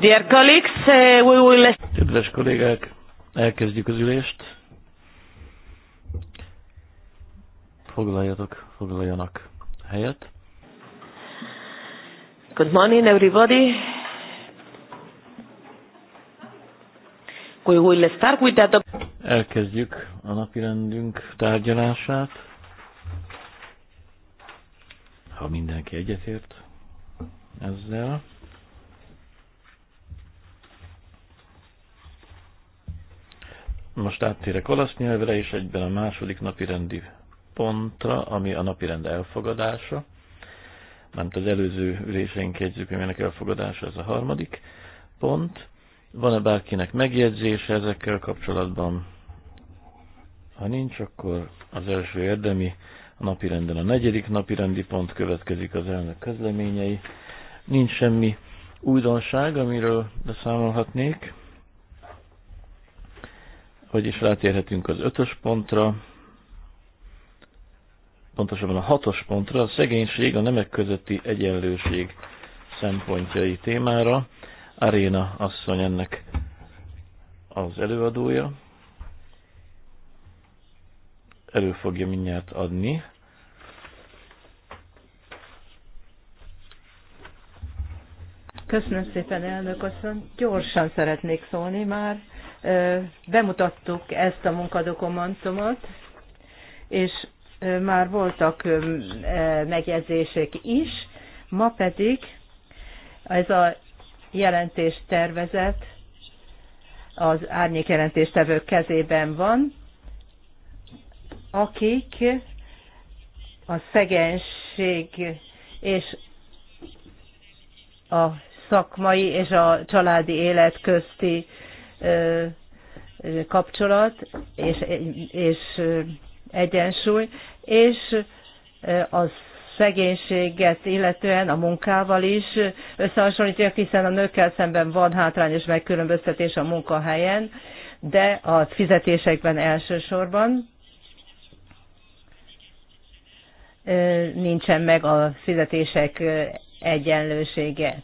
Dear colleagues, uh, we will... Kedves kollégák, elkezdjük az ülést. Foglaljatok, foglaljanak helyet. Good morning, everybody. We will start with that. Elkezdjük a napirendünk tárgyalását. Ha mindenki egyetért ezzel. Most áttérek olasz nyelvre, és egyben a második napirendi pontra, ami a rend elfogadása. Nem az előző üléseink jegyzőkönyvének elfogadása, ez a harmadik pont. Van-e bárkinek megjegyzése ezekkel kapcsolatban? Ha nincs, akkor az első érdemi a renden a negyedik napirendi pont következik az elnök közleményei. Nincs semmi újdonság, amiről beszámolhatnék. Hogy is rátérhetünk az ötös pontra, pontosabban a hatos pontra, a szegénység, a nemek közötti egyenlőség szempontjai témára. Aréna asszony ennek az előadója. Elő fogja mindjárt adni. Köszönöm szépen, elnök asszony. Gyorsan szeretnék szólni már bemutattuk ezt a munkadokumentumot, és már voltak megjegyzések is, ma pedig ez a jelentés tervezet az árnyék jelentéstevők kezében van, akik a szegénység és a szakmai és a családi élet közti kapcsolat és, és egyensúly, és a szegénységet illetően a munkával is összehasonlítja, hiszen a nőkkel szemben van hátrányos megkülönböztetés a munkahelyen, de a fizetésekben elsősorban nincsen meg a fizetések egyenlősége.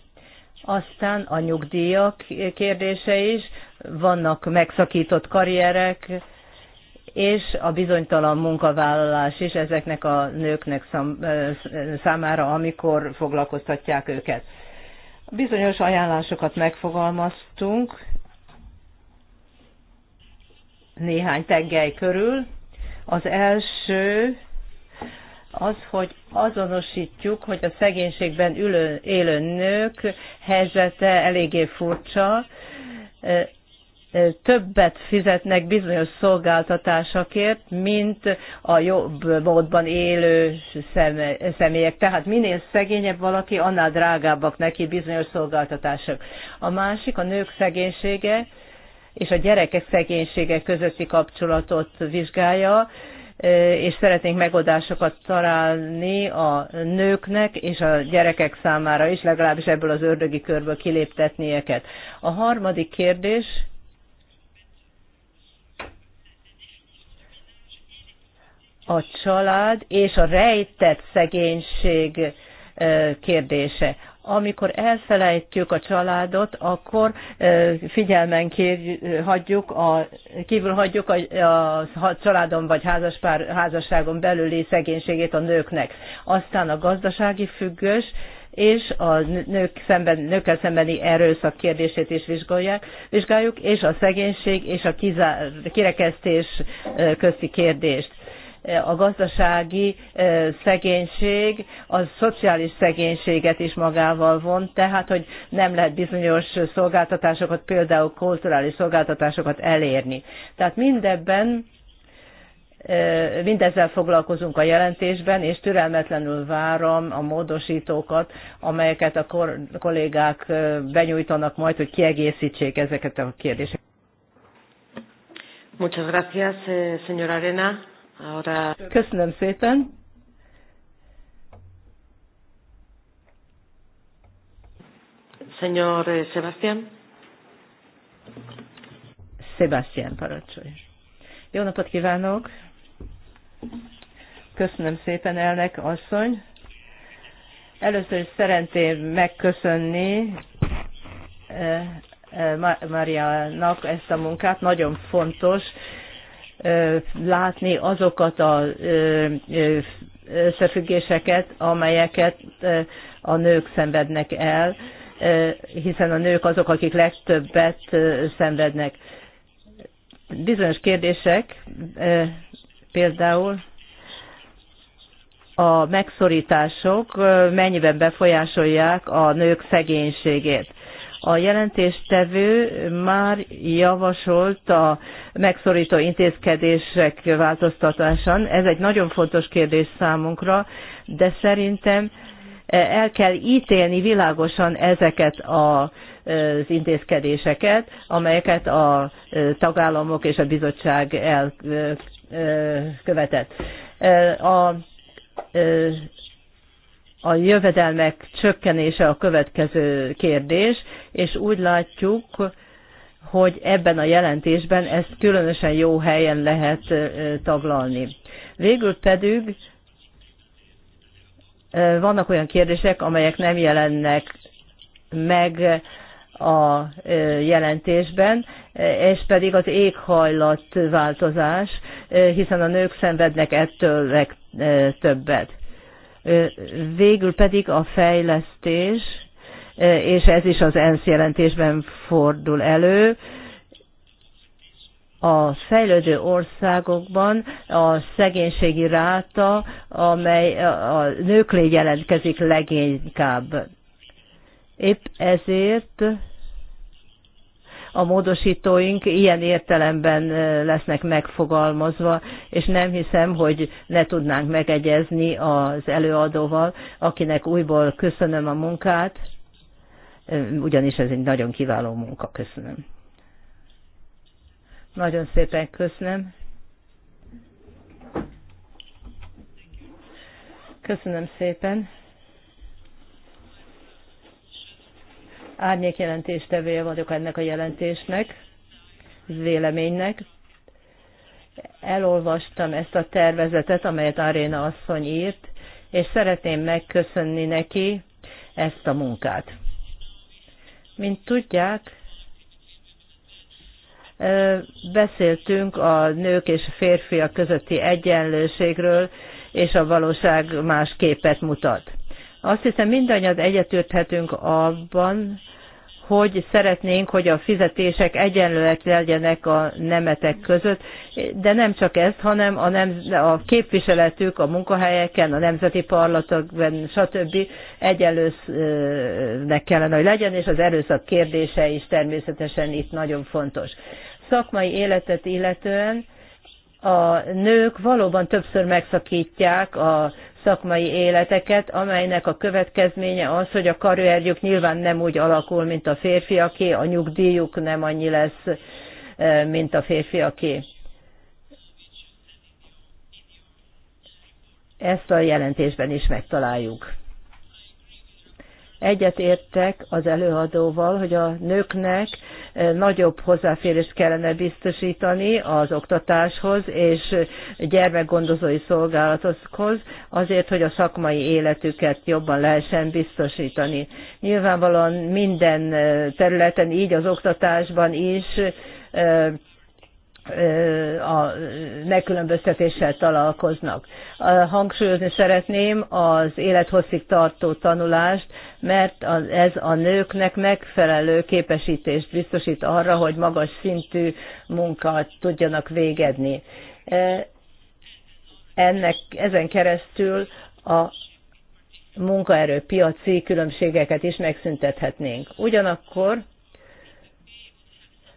Aztán a nyugdíjak kérdése is, vannak megszakított karrierek, és a bizonytalan munkavállalás is ezeknek a nőknek számára, amikor foglalkoztatják őket. Bizonyos ajánlásokat megfogalmaztunk, néhány tengely körül. Az első az, hogy azonosítjuk, hogy a szegénységben ülő, élő nők helyzete eléggé furcsa, többet fizetnek bizonyos szolgáltatásakért, mint a jobb módban élő személyek. Tehát minél szegényebb valaki, annál drágábbak neki bizonyos szolgáltatások. A másik a nők szegénysége és a gyerekek szegénysége közötti kapcsolatot vizsgálja, és szeretnénk megoldásokat találni a nőknek és a gyerekek számára is, legalábbis ebből az ördögi körből kiléptetni őket. A harmadik kérdés a család és a rejtett szegénység kérdése. Amikor elfelejtjük a családot, akkor figyelmen kér, hagyjuk a, kívül hagyjuk a, a családon vagy házaspár, házasságon belüli szegénységét a nőknek. Aztán a gazdasági függős és a nők szemben, nőkkel szembeni erőszak kérdését is vizsgálják, vizsgáljuk, és a szegénység és a kizár, kirekesztés közti kérdést a gazdasági szegénység a szociális szegénységet is magával von, tehát hogy nem lehet bizonyos szolgáltatásokat, például kulturális szolgáltatásokat elérni. Tehát mindebben mindezzel foglalkozunk a jelentésben, és türelmetlenül várom a módosítókat, amelyeket a kollégák benyújtanak majd, hogy kiegészítsék ezeket a kérdéseket. Muchas gracias, eh, señora Arena. Ahora... Köszönöm szépen. Señor eh, Sebastián. Sebastián parancsolj. Jó napot kívánok! Köszönöm szépen, elnök asszony! Először is szeretném megköszönni eh, eh, Mariának ezt a munkát, nagyon fontos látni azokat a összefüggéseket, amelyeket a nők szenvednek el, hiszen a nők azok, akik legtöbbet szenvednek. Bizonyos kérdések, például a megszorítások mennyiben befolyásolják a nők szegénységét a jelentéstevő már javasolt a megszorító intézkedések változtatásán. Ez egy nagyon fontos kérdés számunkra, de szerintem e, el kell ítélni világosan ezeket a e, az intézkedéseket, amelyeket a e, tagállamok és a bizottság elkövetett. A a jövedelmek csökkenése a következő kérdés, és úgy látjuk, hogy ebben a jelentésben ezt különösen jó helyen lehet taglalni. Végül pedig vannak olyan kérdések, amelyek nem jelennek meg a jelentésben, és pedig az éghajlatváltozás, hiszen a nők szenvednek ettől legtöbbet. Végül pedig a fejlesztés, és ez is az ENSZ jelentésben fordul elő, a fejlődő országokban a szegénységi ráta, amely a nőklé jelentkezik leginkább. Épp ezért a módosítóink ilyen értelemben lesznek megfogalmazva, és nem hiszem, hogy ne tudnánk megegyezni az előadóval, akinek újból köszönöm a munkát, ugyanis ez egy nagyon kiváló munka, köszönöm. Nagyon szépen köszönöm. Köszönöm szépen. árnyék jelentéstevője vagyok ennek a jelentésnek, véleménynek. Elolvastam ezt a tervezetet, amelyet Aréna asszony írt, és szeretném megköszönni neki ezt a munkát. Mint tudják, beszéltünk a nők és a férfiak közötti egyenlőségről, és a valóság más képet mutat. Azt hiszem mindannyian egyetérthetünk abban, hogy szeretnénk, hogy a fizetések egyenlőek legyenek a nemetek között, de nem csak ezt, hanem a, nem, a képviseletük a munkahelyeken, a nemzeti parlatokban, stb. egyenlőnek kellene, hogy legyen, és az erőszak kérdése is természetesen itt nagyon fontos. Szakmai életet illetően a nők valóban többször megszakítják a szakmai életeket, amelynek a következménye az, hogy a karrierjük nyilván nem úgy alakul, mint a férfiaké, a nyugdíjuk nem annyi lesz, e, mint a férfiaké. Ezt a jelentésben is megtaláljuk. Egyet értek az előadóval, hogy a nőknek nagyobb hozzáférést kellene biztosítani az oktatáshoz és gyermekgondozói szolgálatokhoz, azért, hogy a szakmai életüket jobban lehessen biztosítani. Nyilvánvalóan minden területen, így az oktatásban is a megkülönböztetéssel találkoznak. Hangsúlyozni szeretném az élethosszig tartó tanulást, mert ez a nőknek megfelelő képesítést biztosít arra, hogy magas szintű munkát tudjanak végedni. Ennek, ezen keresztül a munkaerőpiaci különbségeket is megszüntethetnénk. Ugyanakkor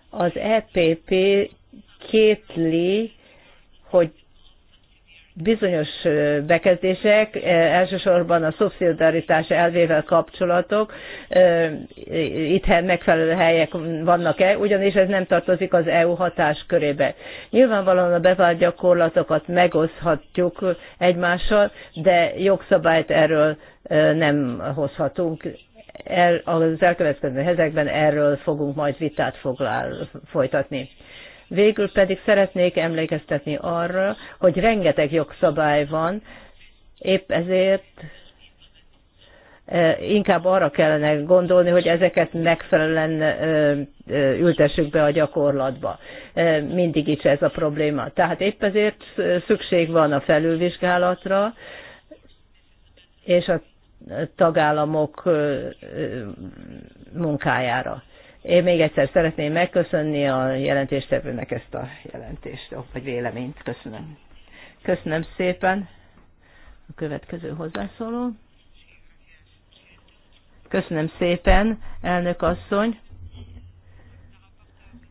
az EPP kétli, hogy bizonyos bekezdések, elsősorban a szubszidaritás elvével kapcsolatok, itt megfelelő helyek vannak-e, ugyanis ez nem tartozik az EU hatás körébe. Nyilvánvalóan a bevált gyakorlatokat megoszhatjuk egymással, de jogszabályt erről nem hozhatunk. El, az elkövetkező hezekben erről fogunk majd vitát foglal, folytatni. Végül pedig szeretnék emlékeztetni arra, hogy rengeteg jogszabály van, épp ezért e, inkább arra kellene gondolni, hogy ezeket megfelelően e, e, ültessük be a gyakorlatba. Mindig is ez a probléma. Tehát épp ezért szükség van a felülvizsgálatra, és a tagállamok munkájára. Én még egyszer szeretném megköszönni a jelentéstevőnek ezt a jelentést, vagy véleményt. Köszönöm. Köszönöm szépen. A következő hozzászóló. Köszönöm szépen, elnök asszony.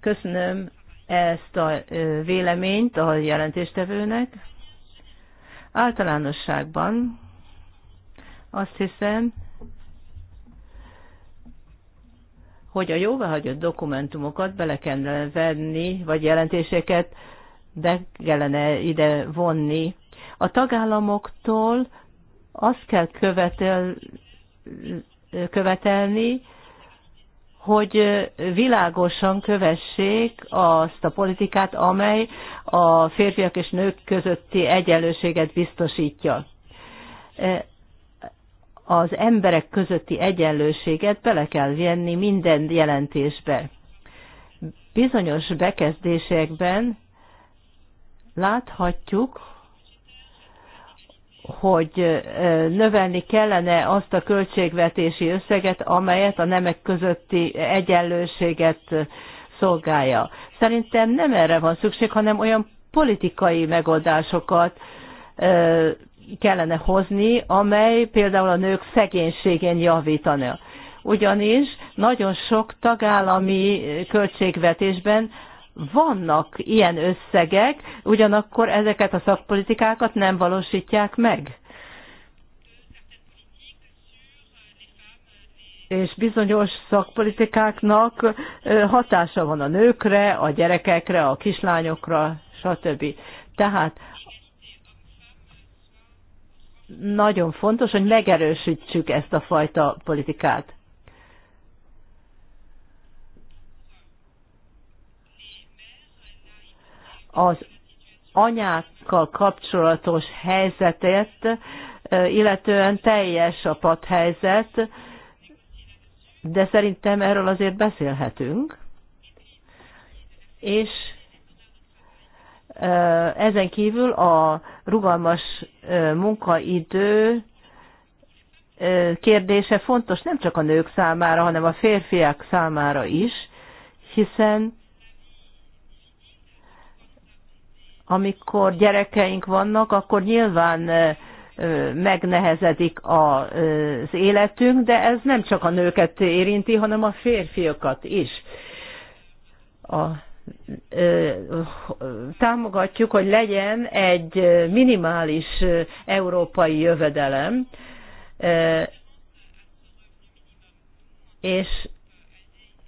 Köszönöm ezt a véleményt a jelentéstevőnek. Általánosságban azt hiszem, hogy a jóváhagyott dokumentumokat bele kellene venni, vagy jelentéseket be kellene ide vonni. A tagállamoktól azt kell követel, követelni, hogy világosan kövessék azt a politikát, amely a férfiak és nők közötti egyenlőséget biztosítja az emberek közötti egyenlőséget bele kell venni minden jelentésbe. Bizonyos bekezdésekben láthatjuk, hogy növelni kellene azt a költségvetési összeget, amelyet a nemek közötti egyenlőséget szolgálja. Szerintem nem erre van szükség, hanem olyan politikai megoldásokat kellene hozni, amely például a nők szegénységén javítana. Ugyanis nagyon sok tagállami költségvetésben vannak ilyen összegek, ugyanakkor ezeket a szakpolitikákat nem valósítják meg. és bizonyos szakpolitikáknak hatása van a nőkre, a gyerekekre, a kislányokra, stb. Tehát nagyon fontos, hogy megerősítsük ezt a fajta politikát. Az anyákkal kapcsolatos helyzetet, illetően teljes a padhelyzet, de szerintem erről azért beszélhetünk. És ezen kívül a rugalmas munkaidő kérdése fontos nem csak a nők számára, hanem a férfiak számára is, hiszen amikor gyerekeink vannak, akkor nyilván megnehezedik az életünk, de ez nem csak a nőket érinti, hanem a férfiakat is. A támogatjuk, hogy legyen egy minimális európai jövedelem, és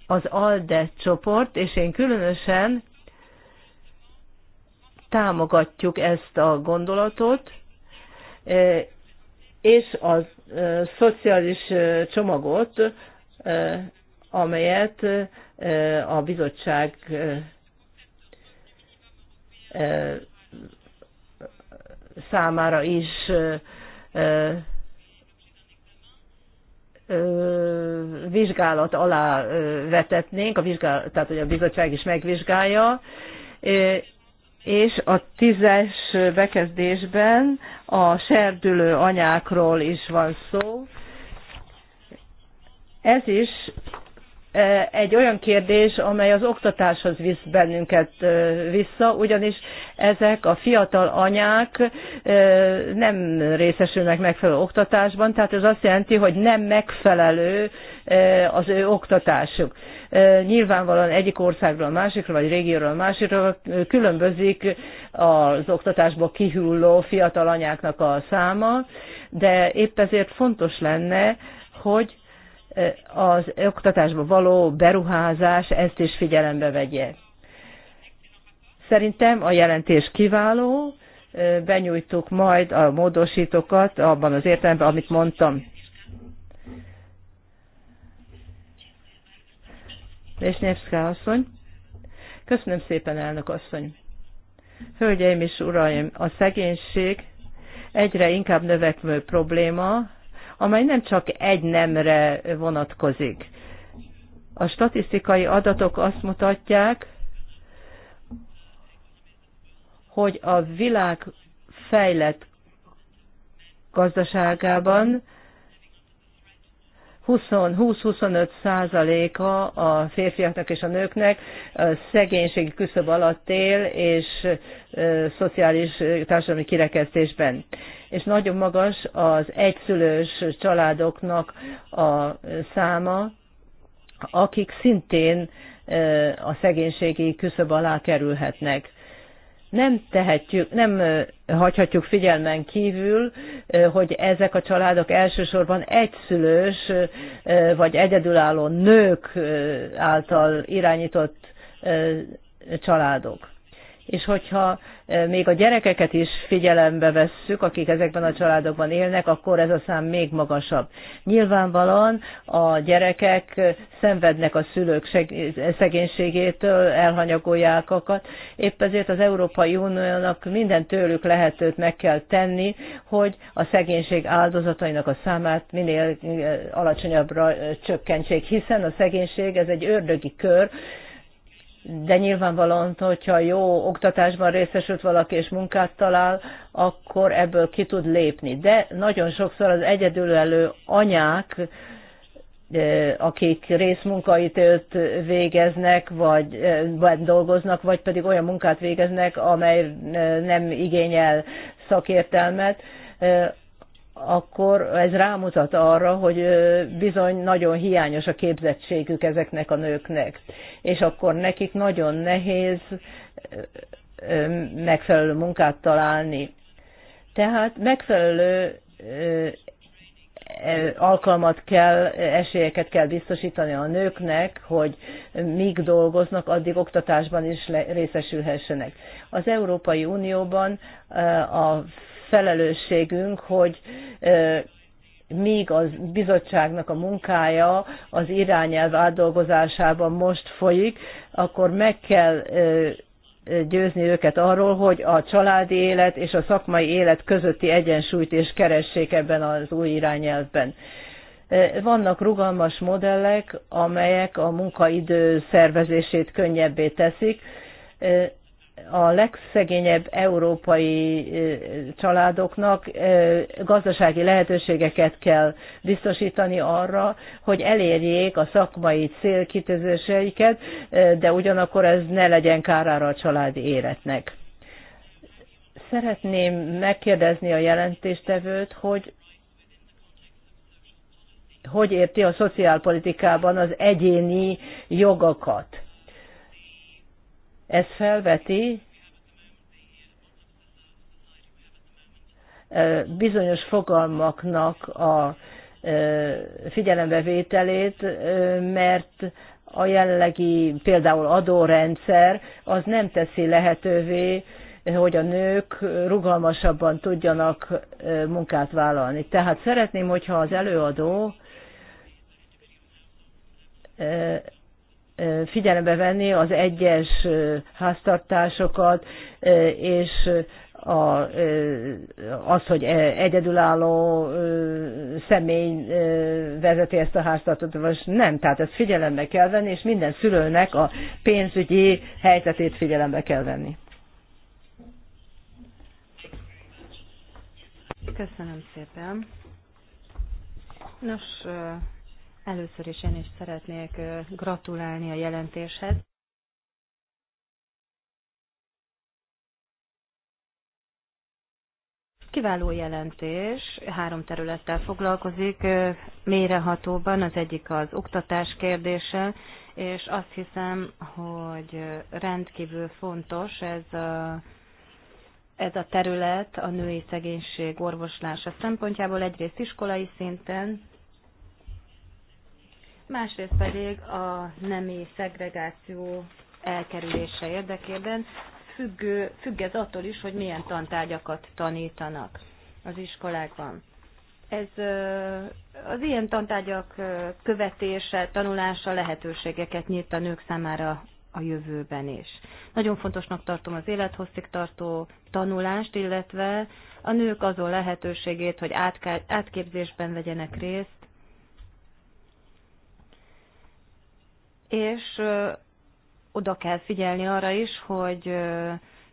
az ALDE csoport, és én különösen támogatjuk ezt a gondolatot, és a szociális csomagot amelyet a bizottság számára is vizsgálat alá vetetnénk, a vizsgál, tehát hogy a bizottság is megvizsgálja, és a tízes bekezdésben a serdülő anyákról is van szó. Ez is egy olyan kérdés, amely az oktatáshoz visz bennünket vissza, ugyanis ezek a fiatal anyák nem részesülnek megfelelő oktatásban, tehát ez azt jelenti, hogy nem megfelelő az ő oktatásuk. Nyilvánvalóan egyik országról a másikra, vagy régióról a másikra különbözik az oktatásba kihulló fiatal anyáknak a száma, de épp ezért fontos lenne, hogy az oktatásba való beruházás ezt is figyelembe vegye. Szerintem a jelentés kiváló, benyújtuk majd a módosítókat abban az értelemben, amit mondtam. És Nevszka asszony. Köszönöm szépen, elnök asszony. Hölgyeim és uraim, a szegénység egyre inkább növekvő probléma, amely nem csak egy nemre vonatkozik. A statisztikai adatok azt mutatják, hogy a világ fejlett gazdaságában 20-25 százaléka a férfiaknak és a nőknek szegénységi küszöb alatt él, és szociális társadalmi kirekesztésben. És nagyon magas az egyszülős családoknak a száma, akik szintén a szegénységi küszöb alá kerülhetnek nem tehetjük, nem hagyhatjuk figyelmen kívül, hogy ezek a családok elsősorban egyszülős vagy egyedülálló nők által irányított családok és hogyha e, még a gyerekeket is figyelembe vesszük, akik ezekben a családokban élnek, akkor ez a szám még magasabb. Nyilvánvalóan a gyerekek szenvednek a szülők szegénységétől, elhanyagolják akat, épp ezért az Európai Uniónak minden tőlük lehetőt meg kell tenni, hogy a szegénység áldozatainak a számát minél e, alacsonyabbra e, csökkentsék, hiszen a szegénység ez egy ördögi kör, de nyilvánvalóan, hogyha jó oktatásban részesült valaki és munkát talál, akkor ebből ki tud lépni. De nagyon sokszor az egyedülelő anyák, akik részmunkaitőt végeznek, vagy, dolgoznak, vagy pedig olyan munkát végeznek, amely nem igényel szakértelmet, akkor ez rámutat arra, hogy bizony nagyon hiányos a képzettségük ezeknek a nőknek. És akkor nekik nagyon nehéz megfelelő munkát találni. Tehát megfelelő alkalmat kell, esélyeket kell biztosítani a nőknek, hogy míg dolgoznak, addig oktatásban is részesülhessenek. Az Európai Unióban a felelősségünk, hogy míg a bizottságnak a munkája az irányelv átdolgozásában most folyik, akkor meg kell győzni őket arról, hogy a családi élet és a szakmai élet közötti egyensúlyt is keressék ebben az új irányelvben. Vannak rugalmas modellek, amelyek a munkaidő szervezését könnyebbé teszik, a legszegényebb európai családoknak gazdasági lehetőségeket kell biztosítani arra, hogy elérjék a szakmai célkitűzéseiket, de ugyanakkor ez ne legyen kárára a családi életnek. Szeretném megkérdezni a jelentéstevőt, hogy hogy érti a szociálpolitikában az egyéni jogokat ez felveti bizonyos fogalmaknak a figyelembevételét, mert a jelenlegi például adórendszer az nem teszi lehetővé, hogy a nők rugalmasabban tudjanak munkát vállalni. Tehát szeretném, hogyha az előadó figyelembe venni az egyes háztartásokat, és a, az, hogy e, egyedülálló személy vezeti ezt a háztartót, vagy nem. Tehát ezt figyelembe kell venni, és minden szülőnek a pénzügyi helyzetét figyelembe kell venni. Köszönöm szépen. Nos, Először is én is szeretnék gratulálni a jelentéshez. Kiváló jelentés, három területtel foglalkozik, mélyrehatóban az egyik az oktatás kérdése, és azt hiszem, hogy rendkívül fontos ez a, ez a terület a női szegénység orvoslása szempontjából egyrészt iskolai szinten, másrészt pedig a nemi szegregáció elkerülése érdekében függ, függ ez attól is, hogy milyen tantárgyakat tanítanak az iskolákban. Ez az ilyen tantárgyak követése, tanulása lehetőségeket nyit a nők számára a jövőben is. Nagyon fontosnak tartom az élethosszig tartó tanulást, illetve a nők azon lehetőségét, hogy átképzésben vegyenek részt, és oda kell figyelni arra is, hogy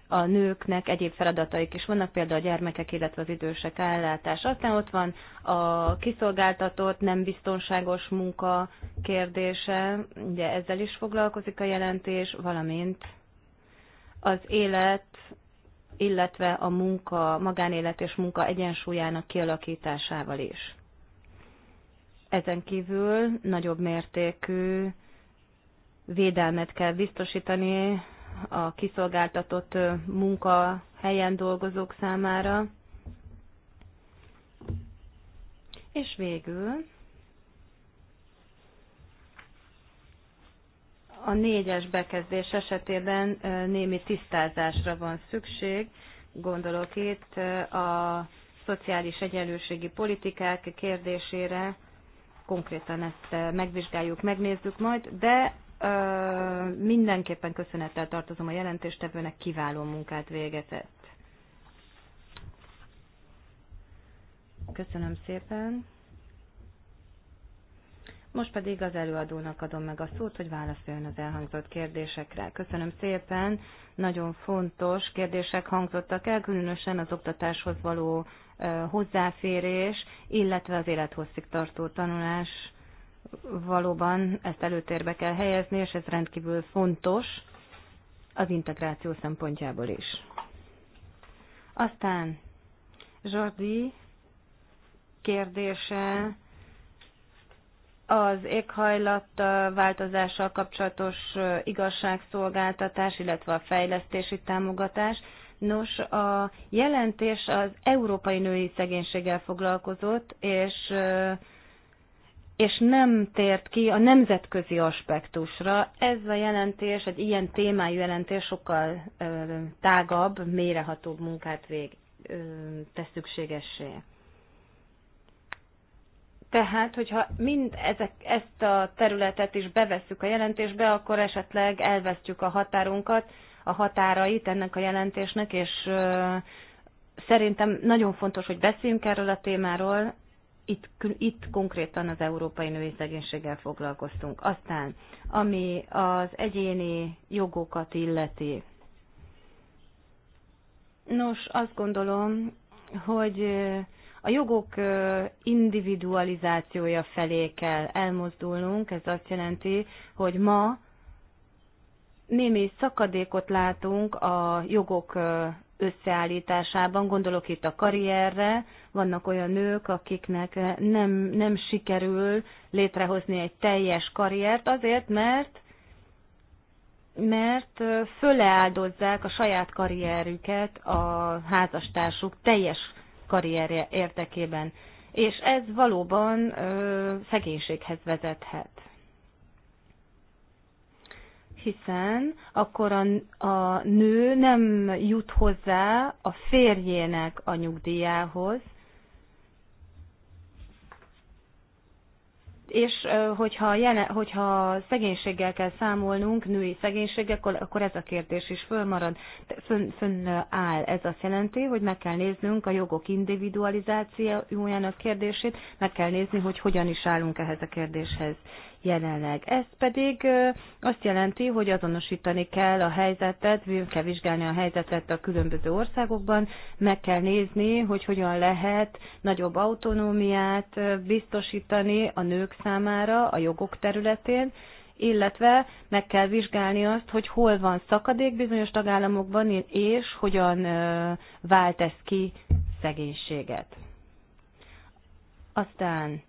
a nőknek egyéb feladataik is vannak, például a gyermekek, illetve az idősek ellátás. Aztán ott van a kiszolgáltatott, nem biztonságos munka kérdése, ugye ezzel is foglalkozik a jelentés, valamint az élet, illetve a munka, magánélet és munka egyensúlyának kialakításával is. Ezen kívül nagyobb mértékű védelmet kell biztosítani a kiszolgáltatott munkahelyen dolgozók számára. És végül a négyes bekezdés esetében némi tisztázásra van szükség. Gondolok itt a szociális egyenlőségi politikák kérdésére, konkrétan ezt megvizsgáljuk, megnézzük majd, de mindenképpen köszönettel tartozom a jelentéstevőnek, kiváló munkát végezett. Köszönöm szépen. Most pedig az előadónak adom meg a szót, hogy válaszoljon az elhangzott kérdésekre. Köszönöm szépen, nagyon fontos kérdések hangzottak el, különösen az oktatáshoz való hozzáférés, illetve az élethosszig tartó tanulás valóban ezt előtérbe kell helyezni, és ez rendkívül fontos az integráció szempontjából is. Aztán Jordi kérdése az éghajlat változással kapcsolatos igazságszolgáltatás, illetve a fejlesztési támogatás. Nos, a jelentés az európai női szegénységgel foglalkozott, és és nem tért ki a nemzetközi aspektusra. Ez a jelentés, egy ilyen témájú jelentés sokkal ö, tágabb, mérehatóbb munkát vég, ö, tesz szükségessé. Tehát, hogyha mind ezek, ezt a területet is bevesszük a jelentésbe, akkor esetleg elvesztjük a határunkat, a határait ennek a jelentésnek, és ö, szerintem nagyon fontos, hogy beszéljünk erről a témáról, itt, itt konkrétan az európai női szegénységgel foglalkoztunk. Aztán, ami az egyéni jogokat illeti. Nos, azt gondolom, hogy a jogok individualizációja felé kell elmozdulnunk. Ez azt jelenti, hogy ma némi szakadékot látunk a jogok összeállításában. Gondolok itt a karrierre, vannak olyan nők, akiknek eh, nem, nem sikerül létrehozni egy teljes karriert azért, mert mert eh, föleáldozzák a saját karrierüket a házastársuk teljes karrierje érdekében. És ez valóban ö, eh, szegénységhez vezethet hiszen akkor a, a nő nem jut hozzá a férjének a nyugdíjához, és hogyha, jelen, hogyha szegénységgel kell számolnunk, női szegénységgel, akkor, akkor ez a kérdés is fölmarad, fön, áll. Ez azt jelenti, hogy meg kell néznünk a jogok individualizációjának kérdését, meg kell nézni, hogy hogyan is állunk ehhez a kérdéshez jelenleg. Ez pedig azt jelenti, hogy azonosítani kell a helyzetet, kell vizsgálni a helyzetet a különböző országokban, meg kell nézni, hogy hogyan lehet nagyobb autonómiát biztosítani a nők számára a jogok területén, illetve meg kell vizsgálni azt, hogy hol van szakadék bizonyos tagállamokban, és hogyan vált ez ki szegénységet. Aztán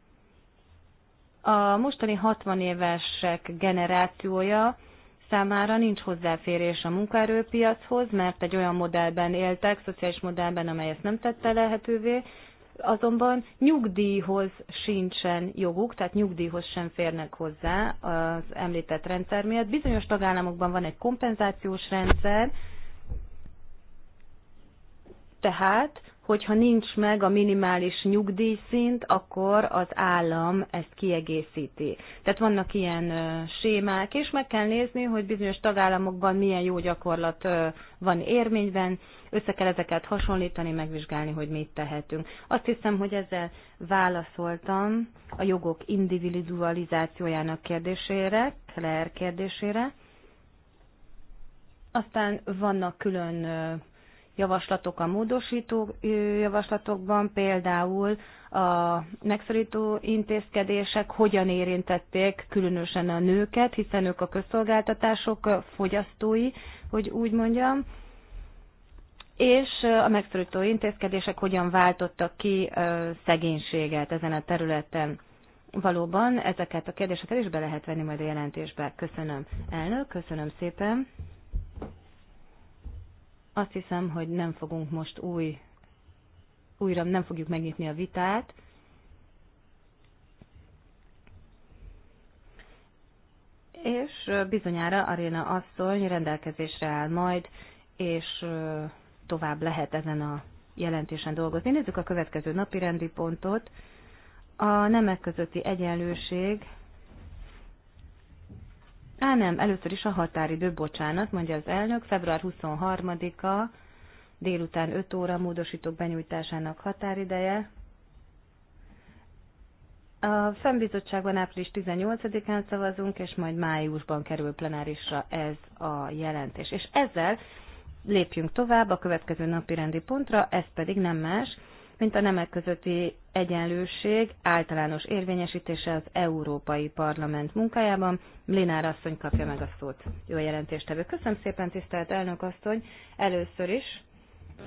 a mostani 60 évesek generációja számára nincs hozzáférés a munkaerőpiachoz, mert egy olyan modellben éltek, szociális modellben, amely ezt nem tette lehetővé, azonban nyugdíjhoz sincsen joguk, tehát nyugdíjhoz sem férnek hozzá az említett rendszer miatt. Bizonyos tagállamokban van egy kompenzációs rendszer, tehát hogyha nincs meg a minimális nyugdíjszint, akkor az állam ezt kiegészíti. Tehát vannak ilyen sémák, és meg kell nézni, hogy bizonyos tagállamokban milyen jó gyakorlat van érvényben, össze kell ezeket hasonlítani, megvizsgálni, hogy mit tehetünk. Azt hiszem, hogy ezzel válaszoltam a jogok individualizációjának kérdésére, Claire kérdésére. Aztán vannak külön javaslatok a módosító javaslatokban, például a megszorító intézkedések hogyan érintették különösen a nőket, hiszen ők a közszolgáltatások fogyasztói, hogy úgy mondjam, és a megszorító intézkedések hogyan váltottak ki szegénységet ezen a területen. Valóban ezeket a kérdéseket is be lehet venni majd a jelentésbe. Köszönöm, elnök, köszönöm szépen. Azt hiszem, hogy nem fogunk most új, újra nem fogjuk megnyitni a vitát. És bizonyára Aréna asszony rendelkezésre áll majd, és tovább lehet ezen a jelentésen dolgozni. Nézzük a következő napi rendi pontot. A nemek közötti egyenlőség Á nem, először is a határidő, bocsánat, mondja az elnök, február 23-a, délután 5 óra módosítók benyújtásának határideje. A fennbizottságban április 18-án szavazunk, és majd májusban kerül plenárisra ez a jelentés. És ezzel lépjünk tovább a következő napi rendi pontra, ez pedig nem más, mint a nemek közötti egyenlőség általános érvényesítése az Európai Parlament munkájában. Linár asszony kapja meg a szót. Jó jelentést tevő Köszönöm szépen, tisztelt elnök asszony. Először is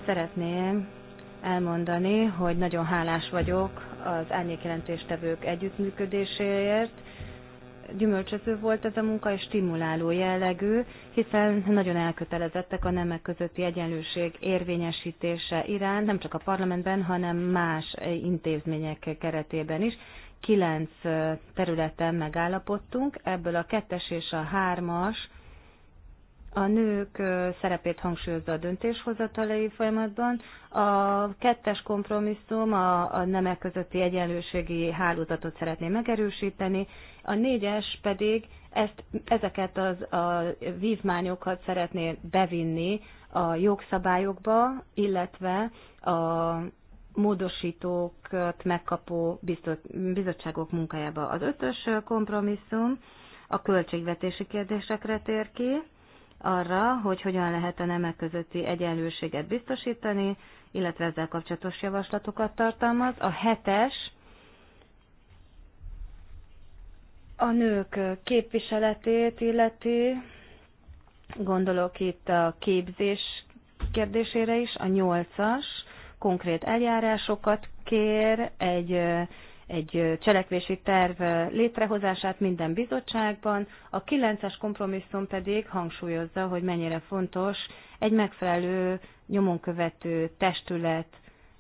szeretném elmondani, hogy nagyon hálás vagyok az tevők együttműködéséért, gyümölcsöző volt ez a munka, és stimuláló jellegű, hiszen nagyon elkötelezettek a nemek közötti egyenlőség érvényesítése iránt, nem csak a parlamentben, hanem más intézmények keretében is. Kilenc területen megállapodtunk, ebből a kettes és a hármas a nők szerepét hangsúlyozza a döntéshozatalai folyamatban. A kettes kompromisszum a, a nemek közötti egyenlőségi hálózatot szeretné megerősíteni, a négyes pedig ezt, ezeket az a vívmányokat szeretné bevinni a jogszabályokba, illetve a módosítókat megkapó bizottságok munkájába. Az ötös kompromisszum a költségvetési kérdésekre tér ki arra, hogy hogyan lehet a nemek közötti egyenlőséget biztosítani, illetve ezzel kapcsolatos javaslatokat tartalmaz. A hetes a nők képviseletét illeti, gondolok itt a képzés kérdésére is, a nyolcas konkrét eljárásokat kér, egy egy cselekvési terv létrehozását minden bizottságban, a kilences kompromisszum pedig hangsúlyozza, hogy mennyire fontos egy megfelelő nyomonkövető testület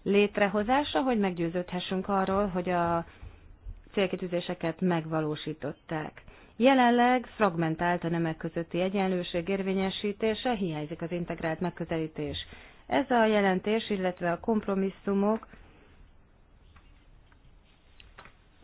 létrehozása, hogy meggyőződhessünk arról, hogy a célkitűzéseket megvalósították. Jelenleg fragmentált a nemek közötti egyenlőség érvényesítése, hiányzik az integrált megközelítés. Ez a jelentés, illetve a kompromisszumok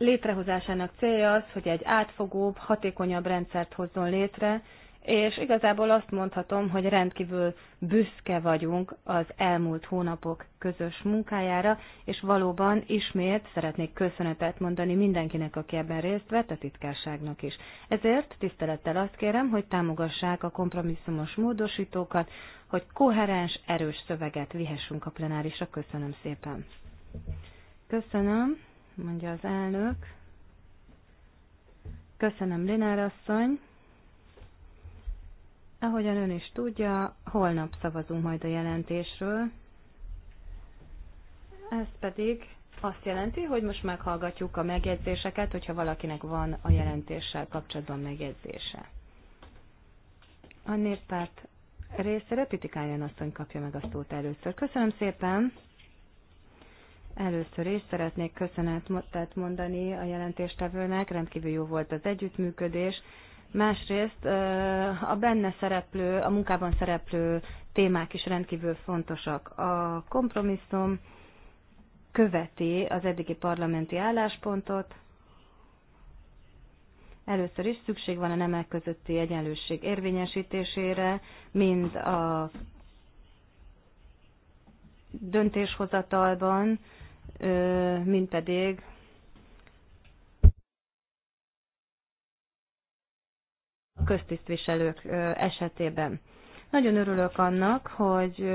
létrehozásának célja az, hogy egy átfogóbb, hatékonyabb rendszert hozzon létre, és igazából azt mondhatom, hogy rendkívül büszke vagyunk az elmúlt hónapok közös munkájára, és valóban ismét szeretnék köszönetet mondani mindenkinek, aki ebben részt vett, a titkárságnak is. Ezért tisztelettel azt kérem, hogy támogassák a kompromisszumos módosítókat, hogy koherens, erős szöveget vihessünk a plenárisra. Köszönöm szépen. Köszönöm mondja az elnök. Köszönöm, Linár asszony. Ahogyan ön is tudja, holnap szavazunk majd a jelentésről. Ez pedig azt jelenti, hogy most meghallgatjuk a megjegyzéseket, hogyha valakinek van a jelentéssel kapcsolatban megjegyzése. A néppárt részére Pitikáján asszony kapja meg a szót először. Köszönöm szépen! Először is szeretnék köszönetet mondani a jelentéstevőnek, rendkívül jó volt az együttműködés. Másrészt a benne szereplő, a munkában szereplő témák is rendkívül fontosak. A kompromisszum követi az eddigi parlamenti álláspontot. Először is szükség van a nemek közötti egyenlőség érvényesítésére, mind a döntéshozatalban, mint pedig a köztisztviselők esetében. Nagyon örülök annak, hogy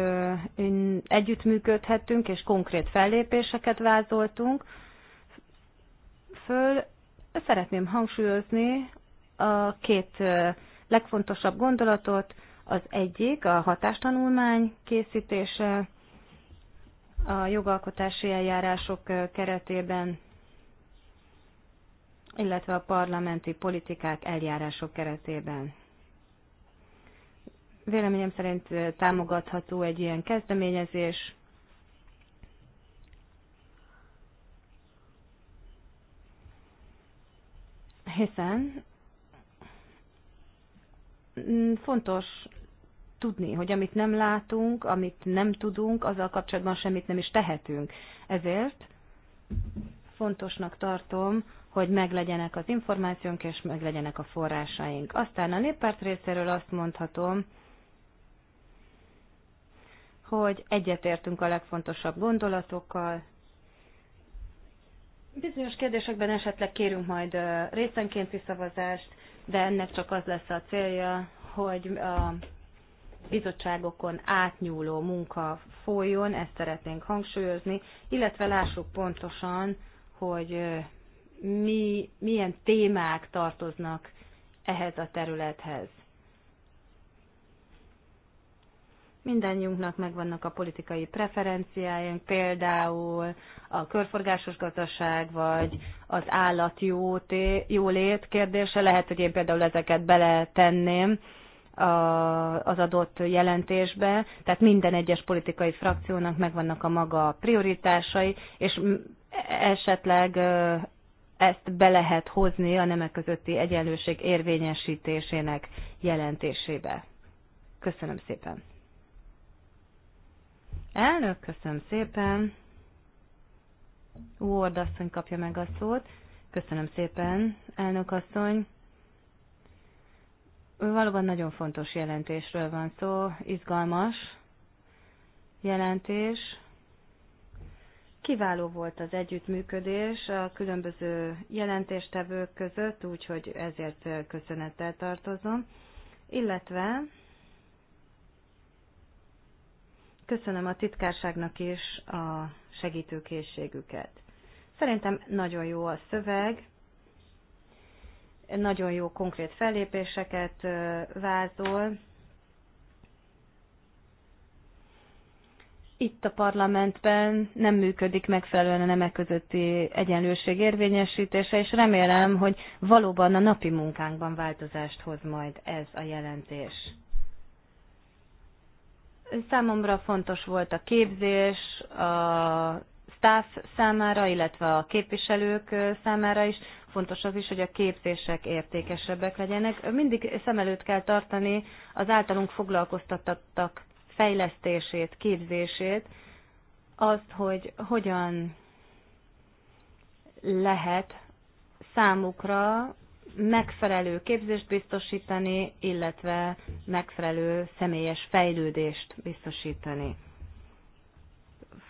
együttműködhettünk, és konkrét fellépéseket vázoltunk föl. Szeretném hangsúlyozni a két legfontosabb gondolatot. Az egyik a hatástanulmány készítése, a jogalkotási eljárások keretében, illetve a parlamenti politikák eljárások keretében. Véleményem szerint támogatható egy ilyen kezdeményezés. Hiszen mm, fontos tudni, hogy amit nem látunk, amit nem tudunk, azzal kapcsolatban semmit nem is tehetünk. Ezért fontosnak tartom, hogy meglegyenek az információnk és meglegyenek a forrásaink. Aztán a néppárt részéről azt mondhatom, hogy egyetértünk a legfontosabb gondolatokkal. Bizonyos kérdésekben esetleg kérünk majd részenkénti szavazást, de ennek csak az lesz a célja, hogy a bizottságokon átnyúló munka folyjon, ezt szeretnénk hangsúlyozni, illetve lássuk pontosan, hogy mi, milyen témák tartoznak ehhez a területhez. Mindennyiunknak megvannak a politikai preferenciáink, például a körforgásos gazdaság, vagy az állatjólét kérdése. Lehet, hogy én például ezeket beletenném az adott jelentésbe, tehát minden egyes politikai frakciónak megvannak a maga prioritásai, és esetleg ezt be lehet hozni a nemek közötti egyenlőség érvényesítésének jelentésébe. Köszönöm szépen. Elnök, köszönöm szépen. Ward asszony kapja meg a szót. Köszönöm szépen, elnök asszony. Valóban nagyon fontos jelentésről van szó, izgalmas jelentés. Kiváló volt az együttműködés a különböző jelentéstevők között, úgyhogy ezért köszönettel tartozom. Illetve köszönöm a titkárságnak is a segítőkészségüket. Szerintem nagyon jó a szöveg, nagyon jó konkrét fellépéseket vázol. Itt a parlamentben nem működik megfelelően a nemek közötti egyenlőség érvényesítése, és remélem, hogy valóban a napi munkánkban változást hoz majd ez a jelentés. Számomra fontos volt a képzés, a staff számára, illetve a képviselők számára is, Fontos az is, hogy a képzések értékesebbek legyenek. Mindig szem előtt kell tartani az általunk foglalkoztatottak fejlesztését, képzését, azt, hogy hogyan lehet számukra megfelelő képzést biztosítani, illetve megfelelő személyes fejlődést biztosítani.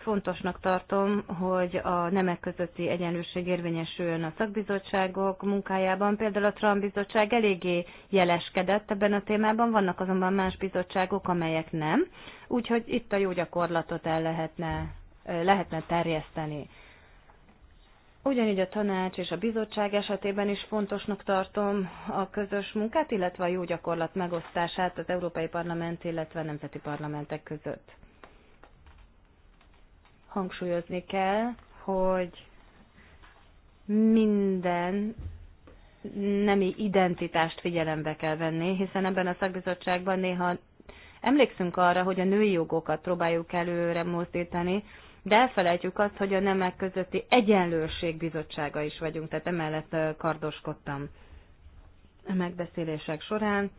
Fontosnak tartom, hogy a nemek közötti egyenlőség érvényesüljön a szakbizottságok munkájában. Például a Trump bizottság eléggé jeleskedett ebben a témában, vannak azonban más bizottságok, amelyek nem. Úgyhogy itt a jó gyakorlatot el lehetne, lehetne terjeszteni. Ugyanígy a tanács és a bizottság esetében is fontosnak tartom a közös munkát, illetve a jó gyakorlat megosztását az Európai Parlament, illetve a nemzeti parlamentek között hangsúlyozni kell, hogy minden nemi identitást figyelembe kell venni, hiszen ebben a szakbizottságban néha emlékszünk arra, hogy a női jogokat próbáljuk előre mozdítani, de elfelejtjük azt, hogy a nemek közötti egyenlőség bizottsága is vagyunk, tehát emellett kardoskodtam a megbeszélések során.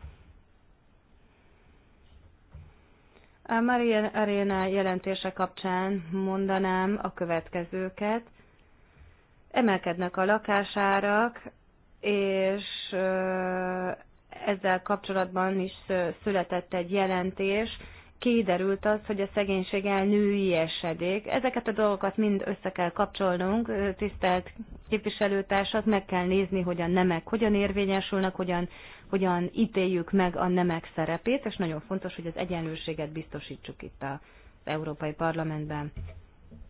A Maria Arena jelentése kapcsán mondanám a következőket. Emelkednek a lakásárak, és ezzel kapcsolatban is született egy jelentés, kiderült az, hogy a szegénység esedék. Ezeket a dolgokat mind össze kell kapcsolnunk, tisztelt képviselőtársak, meg kell nézni, hogy a nemek hogyan érvényesülnek, hogyan, hogyan ítéljük meg a nemek szerepét, és nagyon fontos, hogy az egyenlőséget biztosítsuk itt az Európai Parlamentben.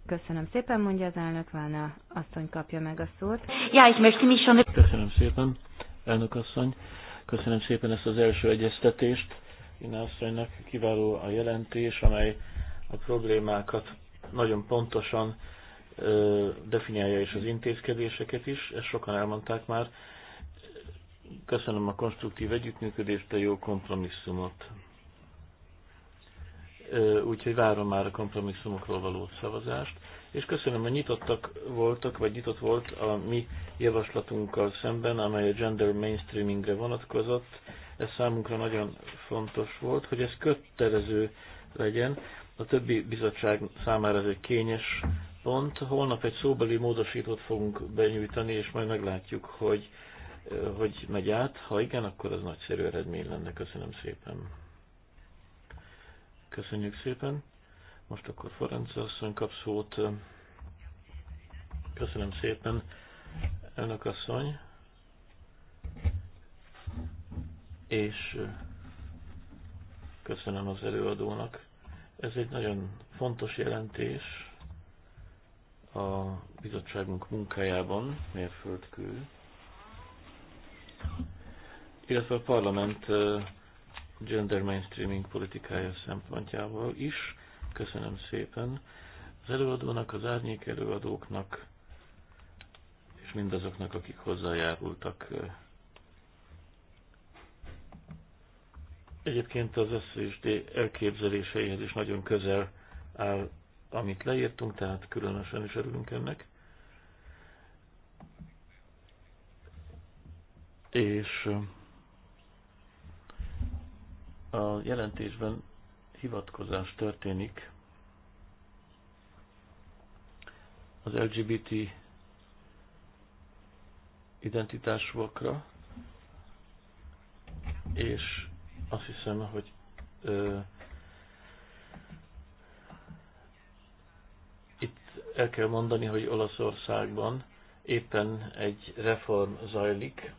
Köszönöm szépen, mondja az elnök, Válna asszony kapja meg a szót. Ja, és most is Köszönöm szépen, elnök asszony. Köszönöm szépen ezt az első egyeztetést Inászonynak kiváló a jelentés, amely a problémákat nagyon pontosan ö, definiálja és az intézkedéseket is, ezt sokan elmondták már. Köszönöm a konstruktív együttműködést, a jó kompromisszumot. Úgyhogy várom már a kompromisszumokról való szavazást, és köszönöm, hogy nyitottak voltak, vagy nyitott volt a mi javaslatunkkal szemben, amely a gender mainstreamingre vonatkozott, ez számunkra nagyon fontos volt, hogy ez kötelező legyen. A többi bizottság számára ez egy kényes pont. Holnap egy szóbeli módosítót fogunk benyújtani, és majd meglátjuk, hogy hogy megy át. Ha igen, akkor az nagyszerű eredmény lenne. Köszönöm szépen. Köszönjük szépen. Most akkor Ferenc asszony kap szót. Köszönöm szépen, elnök asszony. és köszönöm az előadónak. Ez egy nagyon fontos jelentés a bizottságunk munkájában, mérföldkő, illetve a parlament gender mainstreaming politikája szempontjából is. Köszönöm szépen az előadónak, az árnyék előadóknak, és mindazoknak, akik hozzájárultak Egyébként az összesd elképzeléseihez is nagyon közel áll, amit leírtunk, tehát különösen is örülünk ennek. És a jelentésben hivatkozás történik az LGBT identitásúakra, és azt hiszem, hogy ö, itt el kell mondani, hogy Olaszországban éppen egy reform zajlik,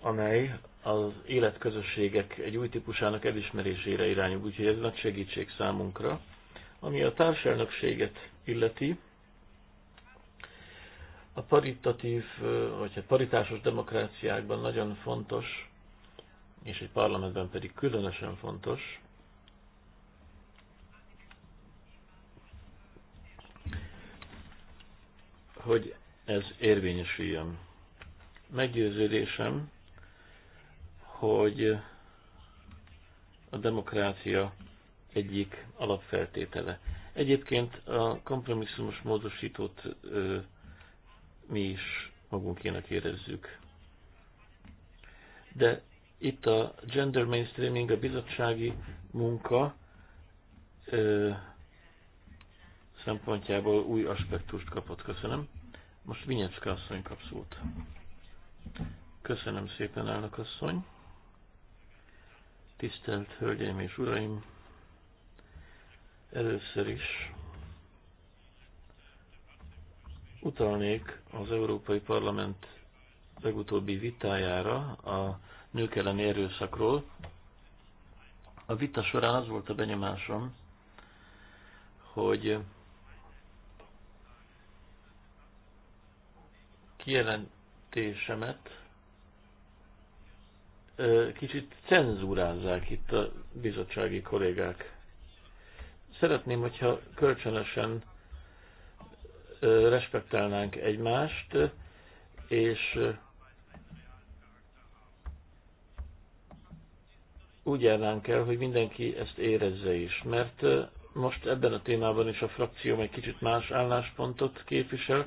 amely az életközösségek egy új típusának elismerésére irányul, úgyhogy ez nagy segítség számunkra. Ami a társelnökséget illeti, a paritatív, vagy a hát paritásos demokráciákban nagyon fontos és egy parlamentben pedig különösen fontos, hogy ez érvényesüljön. Meggyőződésem, hogy a demokrácia egyik alapfeltétele. Egyébként a kompromisszumos módosítót ö, mi is magunkének érezzük. De itt a gender mainstreaming, a bizottsági munka ö, szempontjából új aspektust kapott. Köszönöm. Most Vinyecka asszony kap szót. Köszönöm szépen, elnök asszony. Tisztelt Hölgyeim és Uraim! Először is utalnék az Európai Parlament legutóbbi vitájára a nők elleni erőszakról. A vita során az volt a benyomásom, hogy kijelentésemet kicsit cenzúrázzák itt a bizottsági kollégák. Szeretném, hogyha kölcsönösen respektálnánk egymást, és úgy járnánk el, hogy mindenki ezt érezze is, mert most ebben a témában is a frakció egy kicsit más álláspontot képvisel.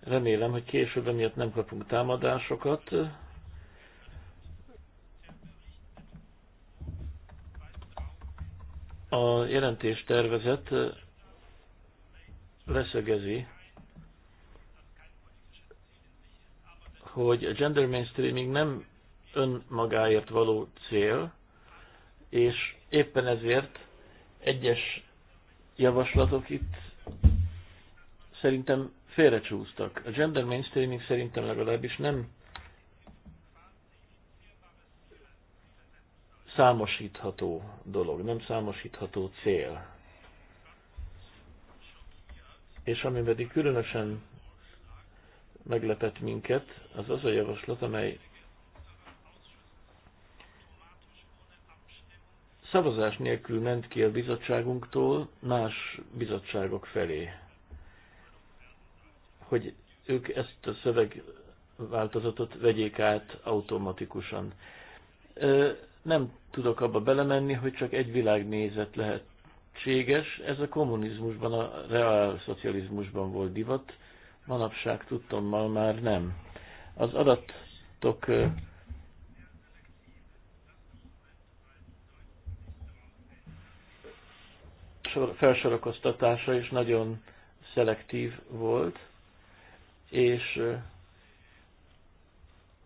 Remélem, hogy később emiatt nem kapunk támadásokat. A jelentés tervezet leszögezi, hogy a gender mainstreaming nem önmagáért való cél, és éppen ezért egyes javaslatok itt szerintem félrecsúsztak. A gender mainstreaming szerintem legalábbis nem számosítható dolog, nem számosítható cél. És ami pedig különösen meglepett minket, az az a javaslat, amely szavazás nélkül ment ki a bizottságunktól más bizottságok felé, hogy ők ezt a szövegváltozatot vegyék át automatikusan. Nem tudok abba belemenni, hogy csak egy világnézet lehetséges. Ez a kommunizmusban, a reál szocializmusban volt divat, manapság tudtommal már nem. Az adatok felsor, felsorakoztatása is nagyon szelektív volt, és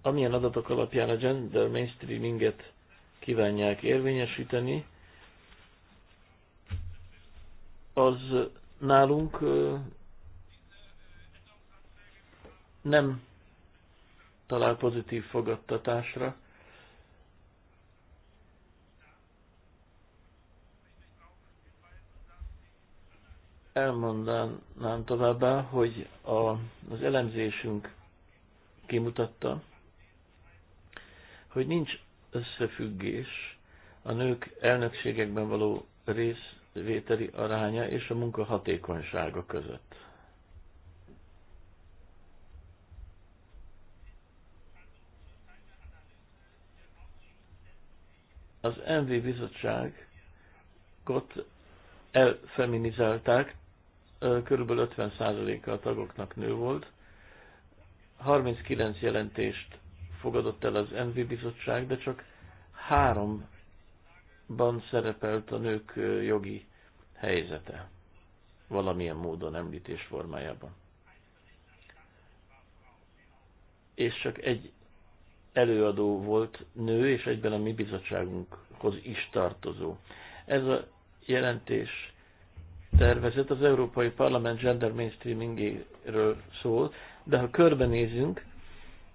amilyen adatok alapján a gender mainstreaminget kívánják érvényesíteni, az nálunk nem talál pozitív fogadtatásra. elmondanám továbbá, hogy a, az elemzésünk kimutatta, hogy nincs összefüggés a nők elnökségekben való részvételi aránya és a munka hatékonysága között. Az MV bizottságot elfeminizálták, kb. 50%-a a tagoknak nő volt. 39 jelentést fogadott el az NV bizottság, de csak háromban szerepelt a nők jogi helyzete valamilyen módon említés formájában. És csak egy előadó volt nő, és egyben a mi bizottságunkhoz is tartozó. Ez a jelentés tervezet az Európai Parlament gender mainstreamingéről szól, de ha körbenézünk,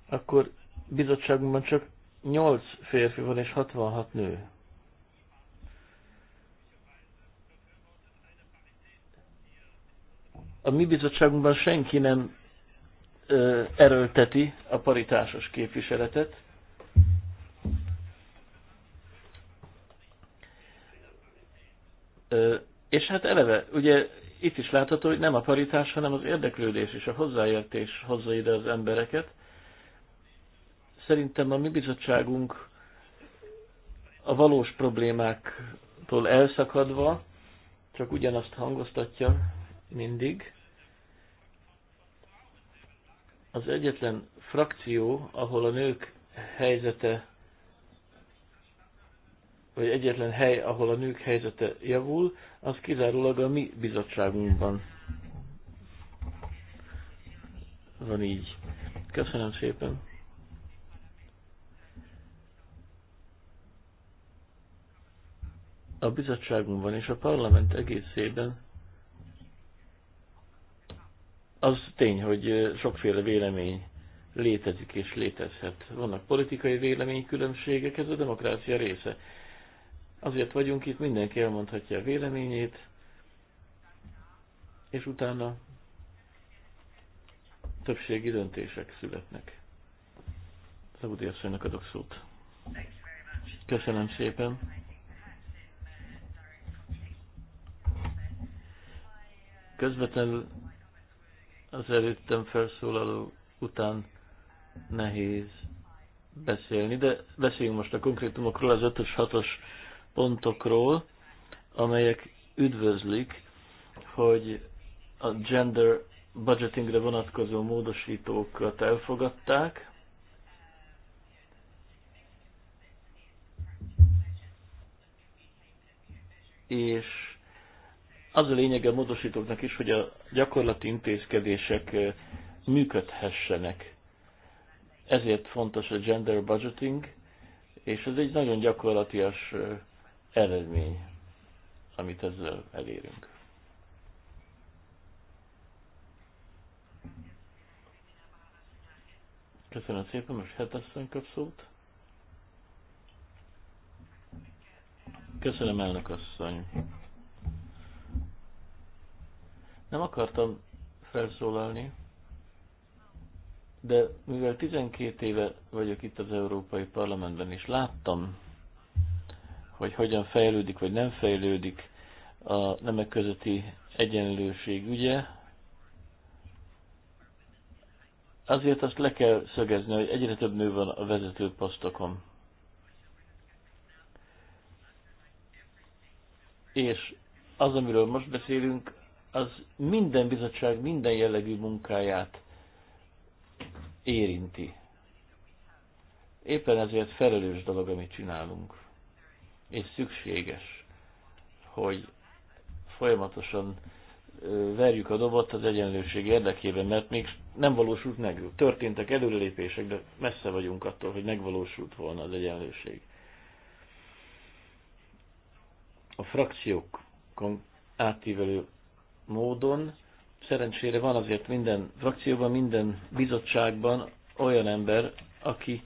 akkor bizottságunkban csak 8 férfi van és 66 nő. A mi bizottságunkban senki nem ö, erőlteti a paritásos képviseletet. Ö, és hát eleve, ugye itt is látható, hogy nem a paritás, hanem az érdeklődés és a hozzáértés hozza ide az embereket. Szerintem a mi bizottságunk a valós problémáktól elszakadva csak ugyanazt hangoztatja mindig. Az egyetlen frakció, ahol a nők helyzete vagy egyetlen hely, ahol a nők helyzete javul, az kizárólag a mi bizottságunkban van így. Köszönöm szépen! A bizottságunkban és a parlament egészében az tény, hogy sokféle vélemény létezik és létezhet. Vannak politikai véleménykülönbségek, ez a demokrácia része Azért vagyunk itt, mindenki elmondhatja a véleményét, és utána többségi döntések születnek. Szabudi asszonynak adok szót. Köszönöm szépen. Közvetlenül az előttem felszólaló után nehéz beszélni, de beszéljünk most a konkrétumokról, az 5-ös, 6-os pontokról, amelyek üdvözlik, hogy a gender budgetingre vonatkozó módosítókat elfogadták, és az a lényege a módosítóknak is, hogy a gyakorlati intézkedések működhessenek. Ezért fontos a gender budgeting, és ez egy nagyon gyakorlatias eredmény, amit ezzel elérünk. Köszönöm szépen, most hetesszön kap szót. Köszönöm, elnök asszony. Nem akartam felszólalni, de mivel 12 éve vagyok itt az Európai Parlamentben, és láttam hogy hogyan fejlődik vagy nem fejlődik a nemek közötti egyenlőség ügye, azért azt le kell szögezni, hogy egyre több nő van a vezető posztokon. És az, amiről most beszélünk, az minden bizottság, minden jellegű munkáját érinti. Éppen ezért felelős dolog, amit csinálunk és szükséges, hogy folyamatosan verjük a dobot az egyenlőség érdekében, mert még nem valósult meg. Történtek előrelépések, de messze vagyunk attól, hogy megvalósult volna az egyenlőség. A frakciókon átívelő módon szerencsére van azért minden frakcióban, minden bizottságban olyan ember, aki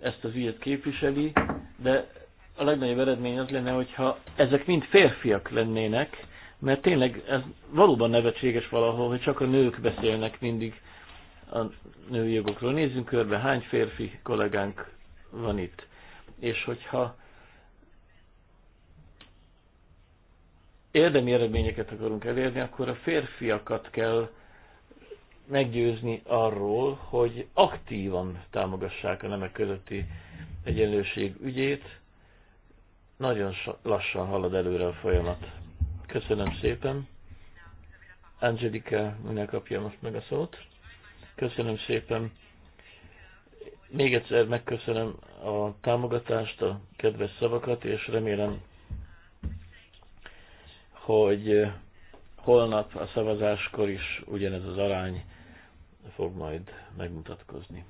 ezt az ügyet képviseli, de a legnagyobb eredmény az lenne, hogyha ezek mind férfiak lennének, mert tényleg ez valóban nevetséges valahol, hogy csak a nők beszélnek mindig a női jogokról. Nézzünk körbe, hány férfi kollégánk van itt. És hogyha érdemi eredményeket akarunk elérni, akkor a férfiakat kell meggyőzni arról, hogy aktívan támogassák a nemek közötti egyenlőség ügyét, nagyon lassan halad előre a folyamat. Köszönöm szépen. Angelika, minek kapja most meg a szót. Köszönöm szépen. Még egyszer megköszönöm a támogatást, a kedves szavakat, és remélem, hogy holnap a szavazáskor is ugyanez az arány fog majd megmutatkozni.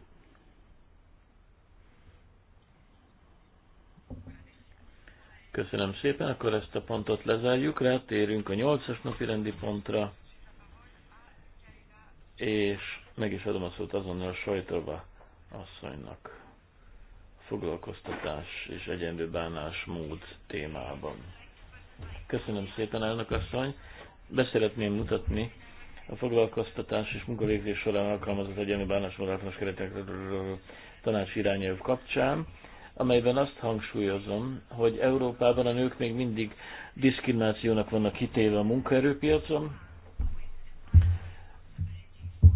Köszönöm szépen, akkor ezt a pontot lezárjuk, rátérünk a nyolcas napi rendi pontra, és meg is adom a szót azonnal Sajtova asszonynak foglalkoztatás és egyenlő mód témában. Köszönöm szépen, elnök asszony! Beszeretném mutatni a foglalkoztatás és munkavégzés során alkalmazott egyenlő bánásmód általános keretek tanács irányelv kapcsán amelyben azt hangsúlyozom, hogy Európában a nők még mindig diszkriminációnak vannak kitéve a munkaerőpiacon,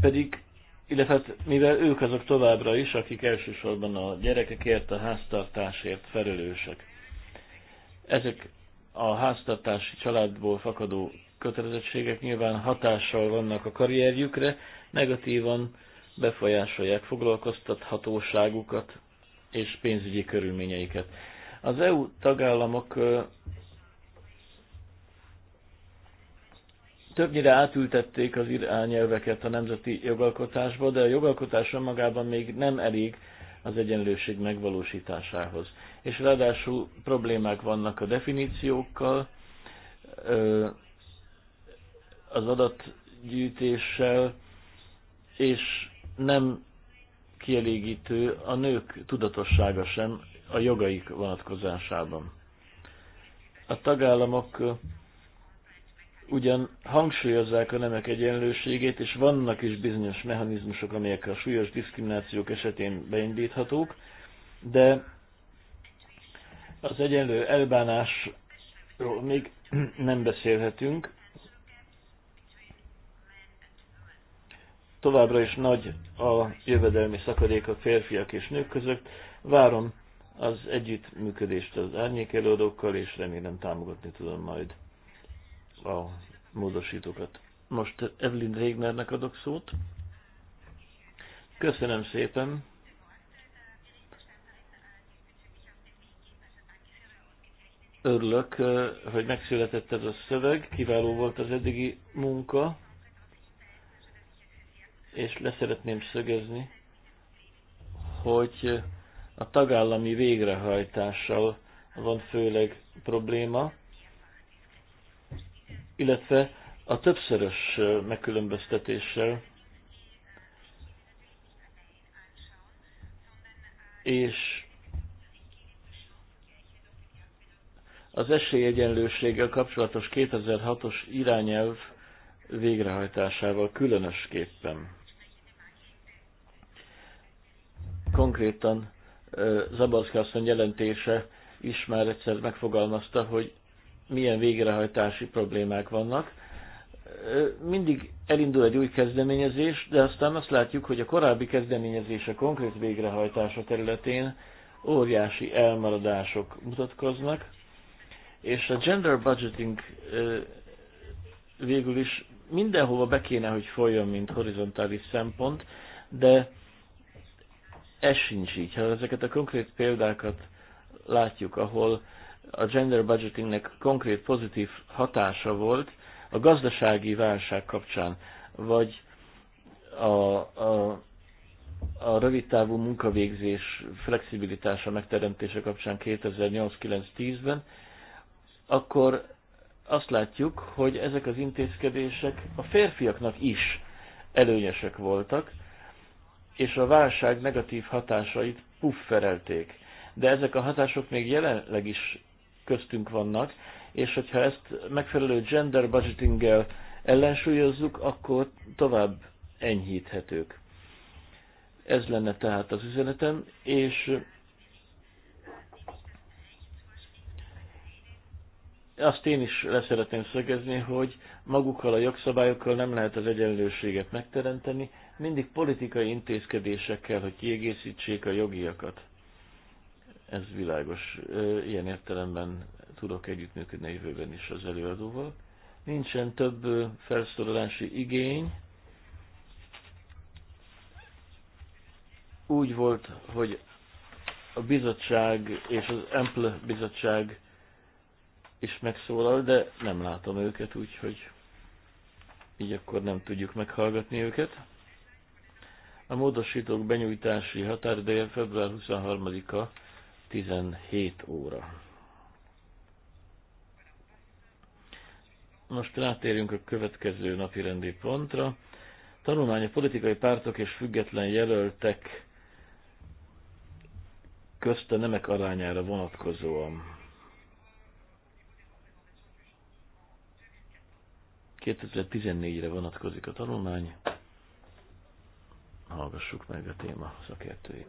pedig, illetve hát, mivel ők azok továbbra is, akik elsősorban a gyerekekért, a háztartásért felelősek. Ezek a háztartási családból fakadó kötelezettségek nyilván hatással vannak a karrierjükre, negatívan befolyásolják foglalkoztathatóságukat, és pénzügyi körülményeiket. Az EU tagállamok többnyire átültették az irányelveket a nemzeti jogalkotásba, de a jogalkotás önmagában még nem elég az egyenlőség megvalósításához. És ráadásul problémák vannak a definíciókkal, az adatgyűjtéssel, és nem kielégítő a nők tudatossága sem a jogaik vonatkozásában. A tagállamok ugyan hangsúlyozzák a nemek egyenlőségét, és vannak is bizonyos mechanizmusok, amelyek a súlyos diszkriminációk esetén beindíthatók, de az egyenlő elbánásról még nem beszélhetünk, továbbra is nagy a jövedelmi szakadék a férfiak és nők között. Várom az együttműködést az árnyék előadókkal, és remélem támogatni tudom majd a módosítókat. Most Evelyn Regnernek adok szót. Köszönöm szépen. Örülök, hogy megszületett ez a szöveg, kiváló volt az eddigi munka és leszeretném szögezni, hogy a tagállami végrehajtással van főleg probléma, illetve a többszörös megkülönböztetéssel, és az esélyegyenlőséggel kapcsolatos 2006-os irányelv végrehajtásával különösképpen. konkrétan Zabarszka asszony jelentése is már egyszer megfogalmazta, hogy milyen végrehajtási problémák vannak. Mindig elindul egy új kezdeményezés, de aztán azt látjuk, hogy a korábbi kezdeményezése konkrét végrehajtása területén óriási elmaradások mutatkoznak, és a gender budgeting végül is mindenhova be kéne, hogy folyjon, mint horizontális szempont, de ez sincs így. Ha ezeket a konkrét példákat látjuk, ahol a gender budgetingnek konkrét pozitív hatása volt a gazdasági válság kapcsán, vagy a, a, a rövidtávú munkavégzés flexibilitása megteremtése kapcsán 2008-9-10-ben, akkor azt látjuk, hogy ezek az intézkedések a férfiaknak is előnyesek voltak, és a válság negatív hatásait pufferelték. De ezek a hatások még jelenleg is köztünk vannak, és hogyha ezt megfelelő gender budgetinggel ellensúlyozzuk, akkor tovább enyhíthetők. Ez lenne tehát az üzenetem, és azt én is leszeretném szögezni, hogy magukkal a jogszabályokkal nem lehet az egyenlőséget megteremteni, mindig politikai intézkedésekkel, hogy kiegészítsék a jogiakat. Ez világos. Ilyen értelemben tudok együttműködni a jövőben is az előadóval. Nincsen több felszólalási igény. Úgy volt, hogy a bizottság és az Ample bizottság is megszólal, de nem látom őket, úgyhogy így akkor nem tudjuk meghallgatni őket. A módosítók benyújtási határideje február 23-a 17 óra. Most rátérünk a következő napi rendi pontra. Tanulmány a politikai pártok és független jelöltek közt a nemek arányára vonatkozóan. 2014-re vonatkozik a tanulmány hallgassuk meg a téma szakértőjét.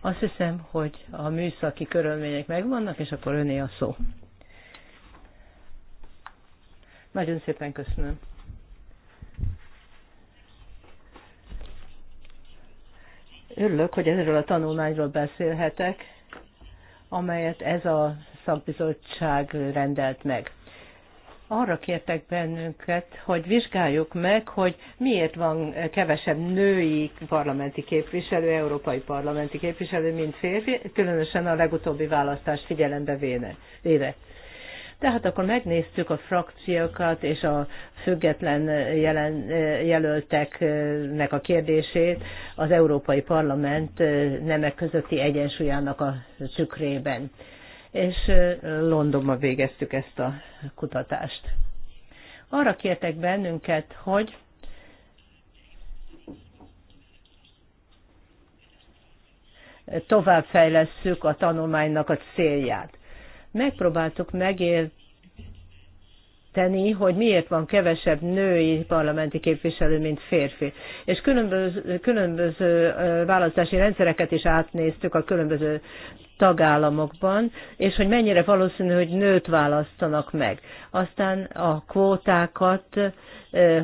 Azt hiszem, hogy a műszaki körülmények megvannak, és akkor öné a szó. Nagyon szépen köszönöm. Örülök, hogy erről a tanulmányról beszélhetek, amelyet ez a szakbizottság rendelt meg arra kértek bennünket, hogy vizsgáljuk meg, hogy miért van kevesebb női parlamenti képviselő, európai parlamenti képviselő, mint férfi, különösen a legutóbbi választást figyelembe véve. Tehát akkor megnéztük a frakciókat és a független jelen, jelölteknek a kérdését az Európai Parlament nemek közötti egyensúlyának a tükrében és Londonban végeztük ezt a kutatást. Arra kértek bennünket, hogy továbbfejlesszük a tanulmánynak a célját. Megpróbáltuk megérteni, hogy miért van kevesebb női parlamenti képviselő, mint férfi. És különböző, különböző választási rendszereket is átnéztük a különböző tagállamokban, és hogy mennyire valószínű, hogy nőt választanak meg. Aztán a kvótákat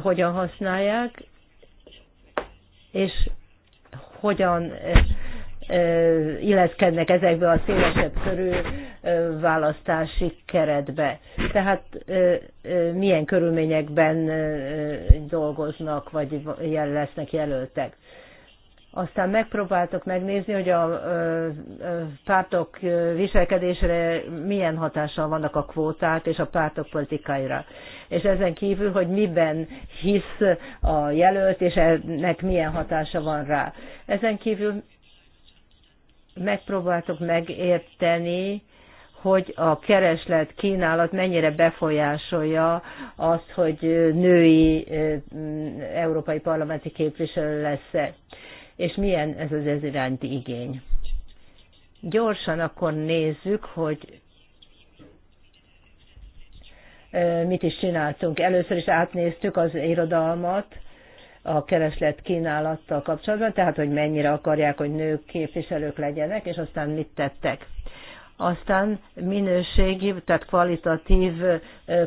hogyan használják, és hogyan illeszkednek ezekbe a szélesebb körű választási keretbe. Tehát milyen körülményekben dolgoznak, vagy lesznek jelöltek. Aztán megpróbáltuk megnézni, hogy a pártok viselkedésre milyen hatással vannak a kvóták és a pártok politikáira. És ezen kívül, hogy miben hisz a jelölt, és ennek milyen hatása van rá. Ezen kívül megpróbáltuk megérteni, hogy a kereslet, kínálat mennyire befolyásolja azt, hogy női európai parlamenti képviselő lesz-e és milyen ez az ez iránti igény. Gyorsan akkor nézzük, hogy mit is csináltunk. Először is átnéztük az irodalmat, a kereslet kínálattal kapcsolatban, tehát hogy mennyire akarják, hogy nők képviselők legyenek, és aztán mit tettek. Aztán minőségi, tehát kvalitatív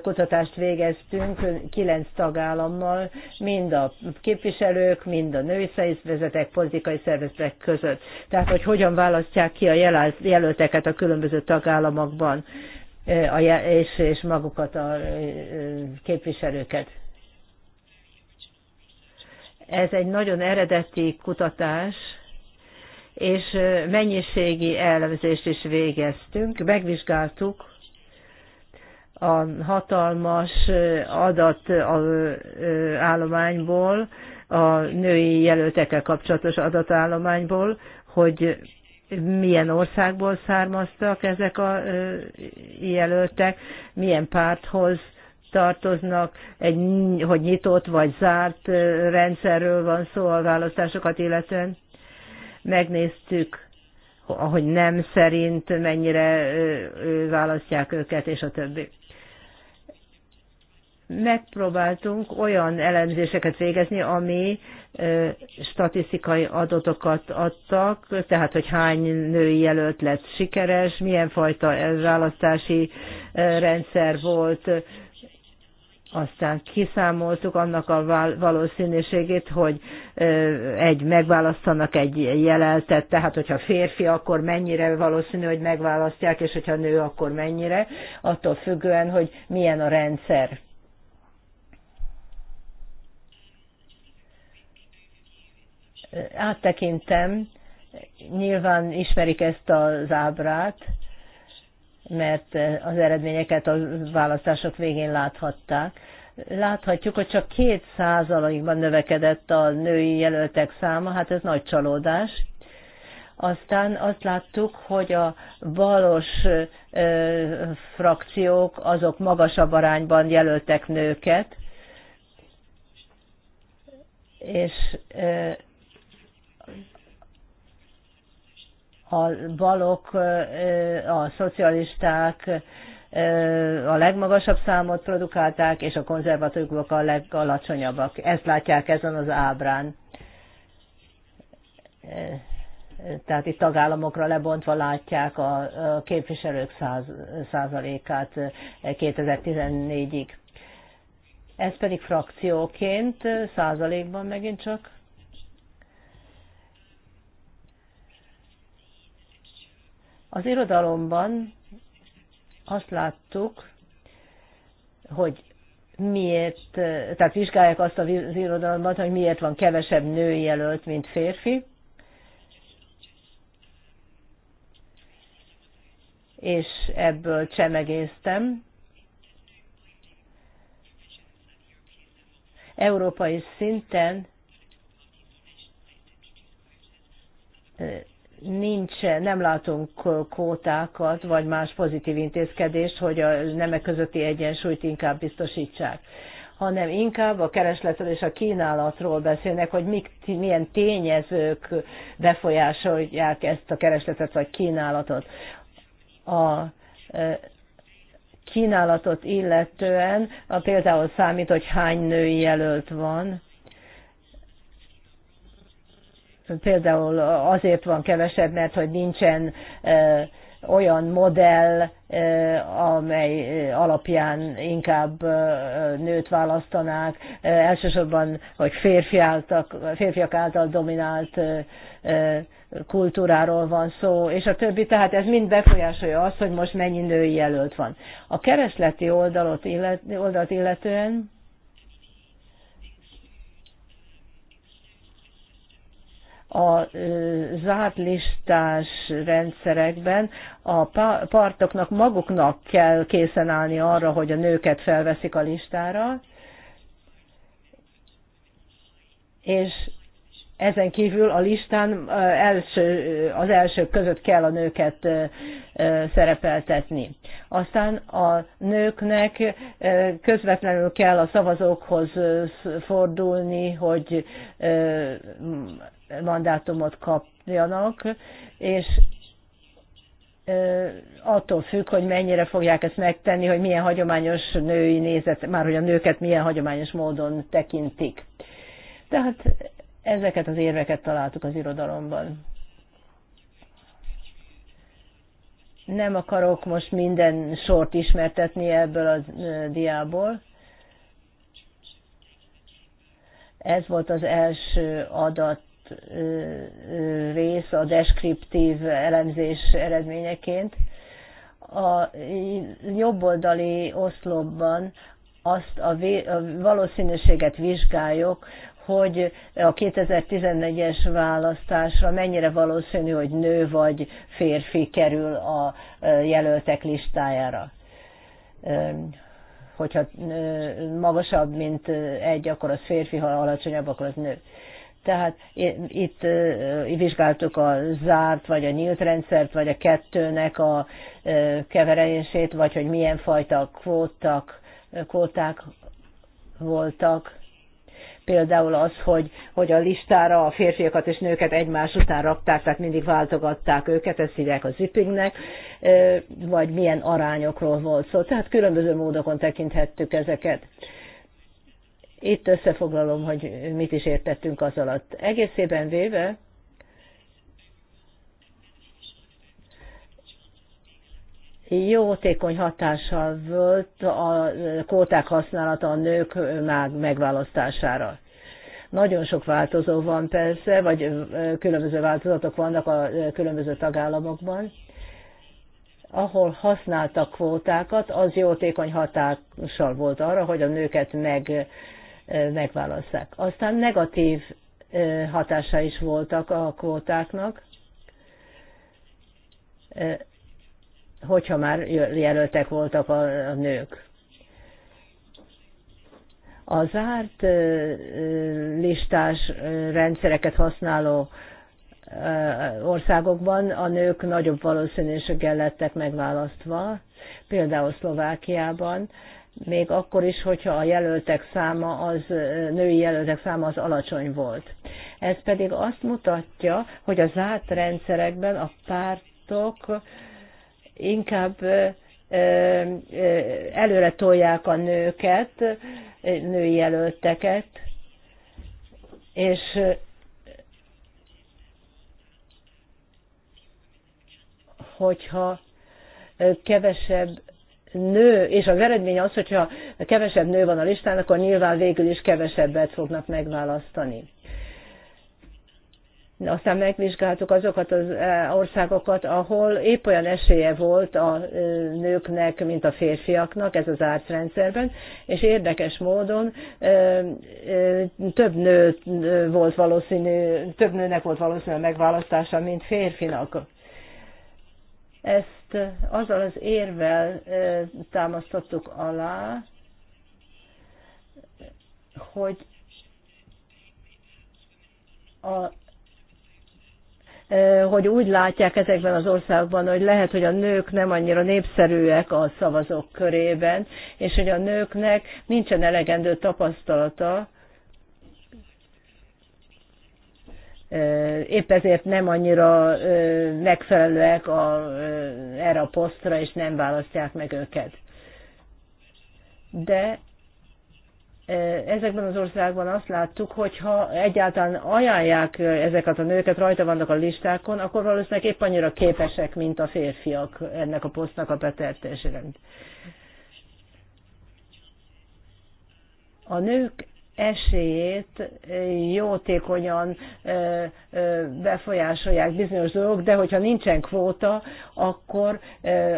kutatást végeztünk kilenc tagállammal, mind a képviselők, mind a női szervezetek, politikai szervezetek között. Tehát, hogy hogyan választják ki a jelölteket a különböző tagállamokban, és magukat a képviselőket. Ez egy nagyon eredeti kutatás, és mennyiségi elemzést is végeztünk, megvizsgáltuk a hatalmas adatállományból, a női jelöltekkel kapcsolatos adatállományból, hogy milyen országból származtak ezek a jelöltek, milyen párthoz tartoznak, egy, hogy nyitott vagy zárt rendszerről van szó a választásokat illetően megnéztük, ahogy nem szerint mennyire választják őket, és a többi. Megpróbáltunk olyan elemzéseket végezni, ami statisztikai adatokat adtak, tehát hogy hány női jelölt lett sikeres, milyen fajta választási rendszer volt, aztán kiszámoltuk annak a valószínűségét, hogy egy megválasztanak egy jeleltet, tehát hogyha férfi, akkor mennyire valószínű, hogy megválasztják, és hogyha nő, akkor mennyire, attól függően, hogy milyen a rendszer. Áttekintem, nyilván ismerik ezt az ábrát, mert eh, az eredményeket a választások végén láthatták. Láthatjuk, hogy csak két százalékban növekedett a női jelöltek száma, hát ez nagy csalódás. Aztán azt láttuk, hogy a balos ö, eh, frakciók azok magasabb arányban jelöltek nőket, és ö, eh, a balok, a szocialisták a legmagasabb számot produkálták, és a konzervatívok a legalacsonyabbak. Ezt látják ezen az ábrán. Tehát itt tagállamokra lebontva látják a képviselők száz, százalékát 2014-ig. Ez pedig frakcióként százalékban megint csak Az irodalomban azt láttuk, hogy miért, tehát vizsgálják azt az irodalomban, hogy miért van kevesebb nő jelölt, mint férfi, és ebből csemegéztem. Európai szinten nincs, nem látunk kótákat, vagy más pozitív intézkedést, hogy a nemek közötti egyensúlyt inkább biztosítsák hanem inkább a keresletről és a kínálatról beszélnek, hogy mik, milyen tényezők befolyásolják ezt a keresletet vagy kínálatot. A e, kínálatot illetően a például számít, hogy hány női jelölt van, Például azért van kevesebb, mert hogy nincsen olyan modell, amely alapján inkább nőt választanák, elsősorban, hogy férfi áltak, férfiak által dominált kultúráról van szó, és a többi, tehát ez mind befolyásolja azt, hogy most mennyi női jelölt van. A keresleti oldalot, illet, oldalt illetően a zárt listás rendszerekben a partoknak maguknak kell készen állni arra, hogy a nőket felveszik a listára, és ezen kívül a listán első, az elsők között kell a nőket szerepeltetni. Aztán a nőknek közvetlenül kell a szavazókhoz fordulni, hogy mandátumot kapjanak, és attól függ, hogy mennyire fogják ezt megtenni, hogy milyen hagyományos női nézet, már hogy a nőket milyen hagyományos módon tekintik. Tehát ezeket az érveket találtuk az irodalomban. Nem akarok most minden sort ismertetni ebből a diából. Ez volt az első adat rész a deskriptív elemzés eredményeként. A jobboldali oszlopban azt a, valószínűséget vizsgáljuk, hogy a 2014-es választásra mennyire valószínű, hogy nő vagy férfi kerül a jelöltek listájára. Hogyha magasabb, mint egy, akkor az férfi, ha alacsonyabb, akkor az nő. Tehát itt vizsgáltuk a zárt vagy a nyílt rendszert, vagy a kettőnek a keverését, vagy hogy milyen fajta kvótak, kvóták voltak. Például az, hogy, hogy a listára a férfiakat és nőket egymás után rakták, tehát mindig váltogatták őket, ezt hívják a zippingnek, vagy milyen arányokról volt szó. Tehát különböző módokon tekinthettük ezeket itt összefoglalom, hogy mit is értettünk az alatt. Egészében véve jótékony hatással volt a kóták használata a nők megválasztására. Nagyon sok változó van persze, vagy különböző változatok vannak a különböző tagállamokban. Ahol használtak kvótákat, az jótékony hatással volt arra, hogy a nőket meg megválasszák. Aztán negatív hatása is voltak a kvótáknak, hogyha már jelöltek voltak a nők. A zárt listás rendszereket használó országokban a nők nagyobb valószínűséggel lettek megválasztva, például Szlovákiában még akkor is, hogyha a jelöltek száma az, női jelöltek száma az alacsony volt. Ez pedig azt mutatja, hogy a zárt rendszerekben a pártok inkább előre tolják a nőket, női jelölteket, és hogyha kevesebb nő, és az eredmény az, hogyha kevesebb nő van a listán, akkor nyilván végül is kevesebbet fognak megválasztani. Aztán megvizsgáltuk azokat az e, országokat, ahol épp olyan esélye volt a e, nőknek, mint a férfiaknak, ez az árcrendszerben, és érdekes módon e, több nő volt valószínű, több nőnek volt valószínű a megválasztása, mint férfinak. Ez ezt azzal az érvel támasztottuk alá, hogy a, hogy úgy látják ezekben az országban, hogy lehet, hogy a nők nem annyira népszerűek a szavazók körében, és hogy a nőknek nincsen elegendő tapasztalata, épp ezért nem annyira megfelelőek a, erre a posztra, és nem választják meg őket. De ezekben az országban azt láttuk, hogy ha egyáltalán ajánlják ezeket a nőket, rajta vannak a listákon, akkor valószínűleg épp annyira képesek, mint a férfiak ennek a posztnak a betertésére. A nők esélyét jótékonyan befolyásolják bizonyos dolgok, de hogyha nincsen kvóta, akkor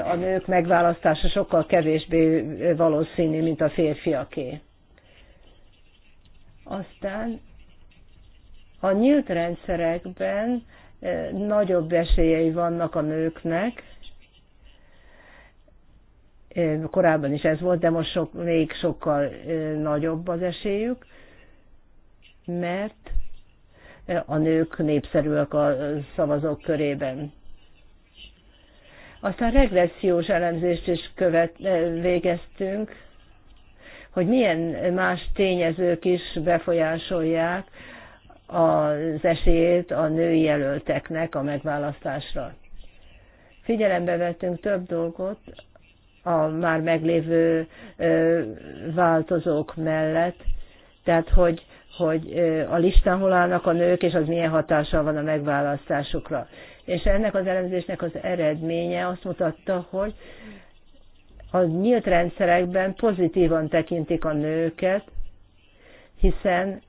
a nők megválasztása sokkal kevésbé valószínű, mint a férfiaké. Aztán a nyílt rendszerekben nagyobb esélyei vannak a nőknek, Korábban is ez volt, de most sok, még sokkal nagyobb az esélyük, mert a nők népszerűek a szavazók körében. Aztán regressziós elemzést is követ, végeztünk, hogy milyen más tényezők is befolyásolják az esélyét a női jelölteknek a megválasztásra. Figyelembe vettünk több dolgot, a már meglévő változók mellett. Tehát, hogy, hogy a listán hol állnak a nők, és az milyen hatással van a megválasztásukra. És ennek az elemzésnek az eredménye azt mutatta, hogy a nyílt rendszerekben pozitívan tekintik a nőket, hiszen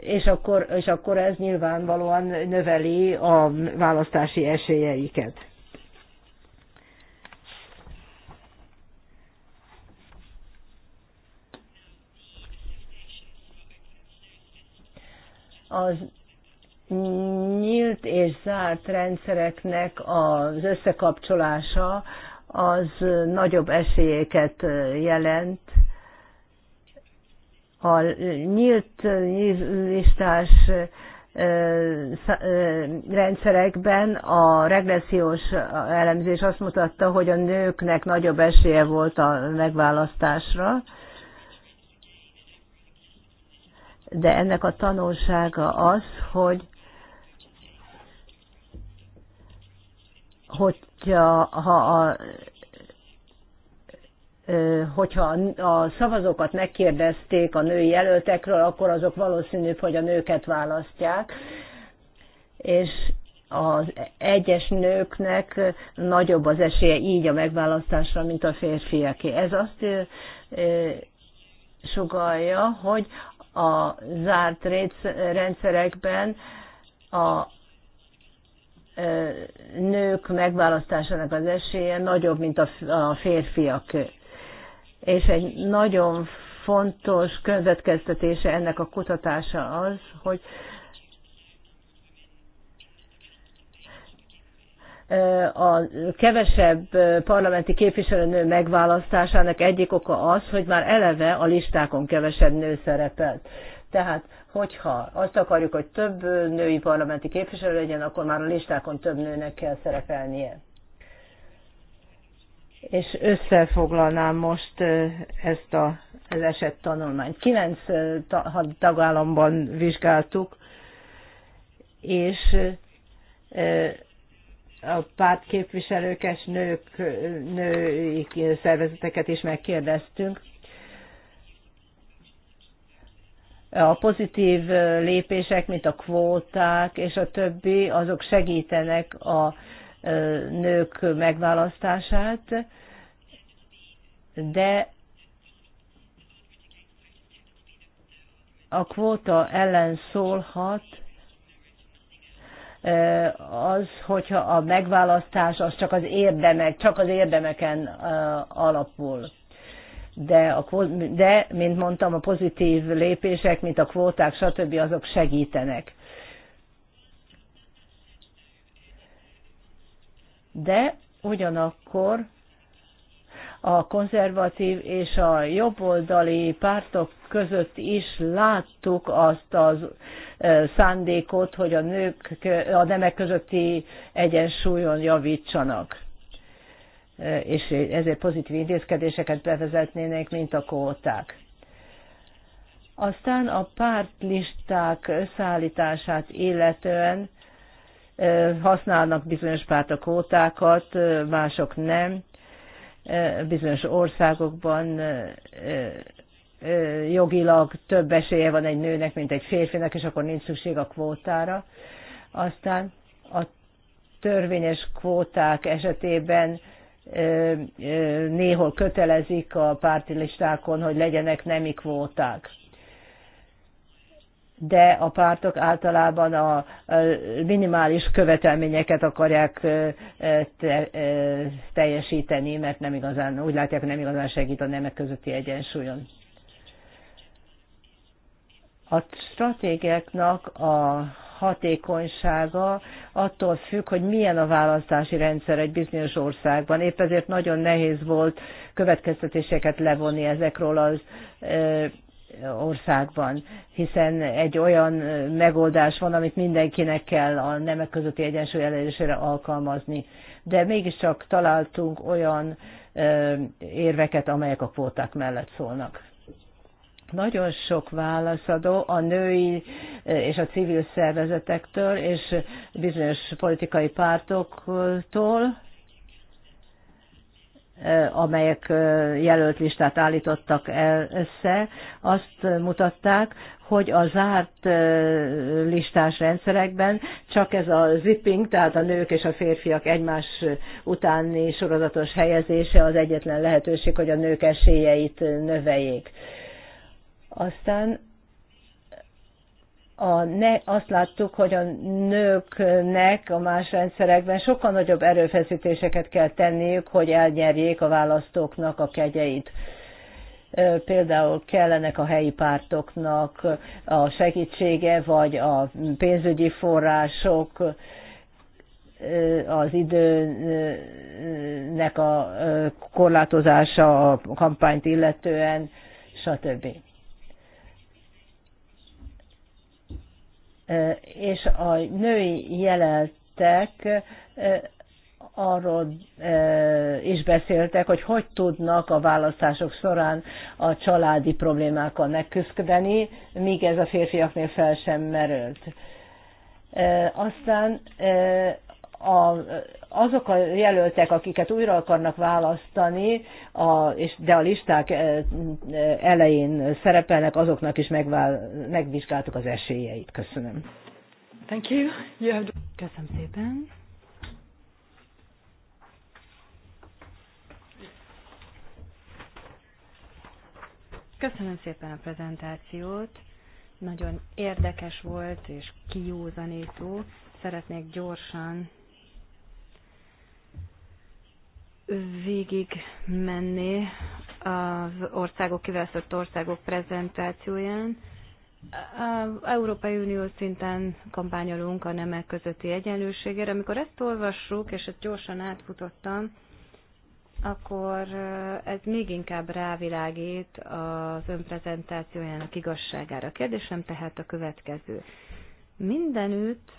és akkor, és akkor ez nyilvánvalóan növeli a választási esélyeiket. az nyílt és zárt rendszereknek az összekapcsolása az nagyobb esélyeket jelent. A nyílt listás rendszerekben a regressziós elemzés azt mutatta, hogy a nőknek nagyobb esélye volt a megválasztásra, de ennek a tanulsága az, hogy hogyha ha a hogyha a szavazókat megkérdezték a női jelöltekről, akkor azok valószínűbb, hogy a nőket választják, és az egyes nőknek nagyobb az esélye így a megválasztásra, mint a férfiaké. Ez azt sugalja, hogy a zárt rendszerekben a nők megválasztásának az esélye nagyobb, mint a férfiak. És egy nagyon fontos következtetése ennek a kutatása az, hogy a kevesebb parlamenti képviselőnő megválasztásának egyik oka az, hogy már eleve a listákon kevesebb nő szerepelt. Tehát, hogyha azt akarjuk, hogy több női parlamenti képviselő legyen, akkor már a listákon több nőnek kell szerepelnie. És összefoglalnám most ezt a, az eset tanulmányt. Kilenc tagállamban vizsgáltuk, és a pártképviselők és nők, női szervezeteket is megkérdeztünk. A pozitív lépések, mint a kvóták és a többi, azok segítenek a nők megválasztását, de a kvóta ellen szólhat, az, hogyha a megválasztás az csak az érdemek, csak az érdemeken alapul. De, a, de, mint mondtam, a pozitív lépések, mint a kvóták, stb. azok segítenek. De ugyanakkor a konzervatív és a jobboldali pártok között is láttuk azt az szándékot, hogy a nők a nemek közötti egyensúlyon javítsanak és ezért pozitív intézkedéseket bevezetnének, mint a kóták. Aztán a pártlisták összeállítását illetően használnak bizonyos pártok kótákat, mások nem. Bizonyos országokban jogilag több esélye van egy nőnek, mint egy férfinak, és akkor nincs szükség a kvótára. Aztán a törvényes kvóták esetében néhol kötelezik a párti listákon hogy legyenek nemi kvóták. De a pártok általában a minimális követelményeket akarják teljesíteni, mert nem igazán, úgy látják, hogy nem igazán segít a nemek közötti egyensúlyon. A stratégiáknak a hatékonysága attól függ, hogy milyen a választási rendszer egy bizonyos országban. Épp ezért nagyon nehéz volt következtetéseket levonni ezekről az országban, hiszen egy olyan megoldás van, amit mindenkinek kell a nemek közötti egyensúly elérésére alkalmazni. De mégiscsak találtunk olyan érveket, amelyek a kvóták mellett szólnak. Nagyon sok válaszadó a női eh, és a civil szervezetektől és bizonyos politikai pártoktól, eh, amelyek eh, jelölt listát állítottak el össze, azt mutatták, hogy a zárt listás rendszerekben csak ez a zipping, tehát a nők és a férfiak egymás utáni sorozatos helyezése az egyetlen lehetőség, hogy a nők esélyeit növeljék. Aztán a ne, azt láttuk, hogy a nőknek a más rendszerekben sokkal nagyobb erőfeszítéseket kell tenniük, hogy elnyerjék a választóknak a kegyeit. Például kellenek a helyi pártoknak a segítsége, vagy a pénzügyi források, az időnek a korlátozása a kampányt illetően, stb. és a női jeleltek arról is beszéltek, hogy hogy tudnak a választások során a családi problémákkal megküzdeni, míg ez a férfiaknél fel sem merült. Aztán a, azok a jelöltek, akiket újra akarnak választani, a, és, de a listák e, elején szerepelnek, azoknak is megvál, megvizsgáltuk az esélyeit. Köszönöm. Thank you. you have... Köszönöm szépen. Köszönöm szépen a prezentációt. Nagyon érdekes volt és kiúzanító. Szeretnék gyorsan végig menni az országok, kiválasztott országok prezentációján. A Európai Unió szinten kampányolunk a nemek közötti egyenlőségére. Amikor ezt olvassuk, és ezt gyorsan átfutottam, akkor ez még inkább rávilágít az önprezentációjának igazságára. A kérdésem tehát a következő. Mindenütt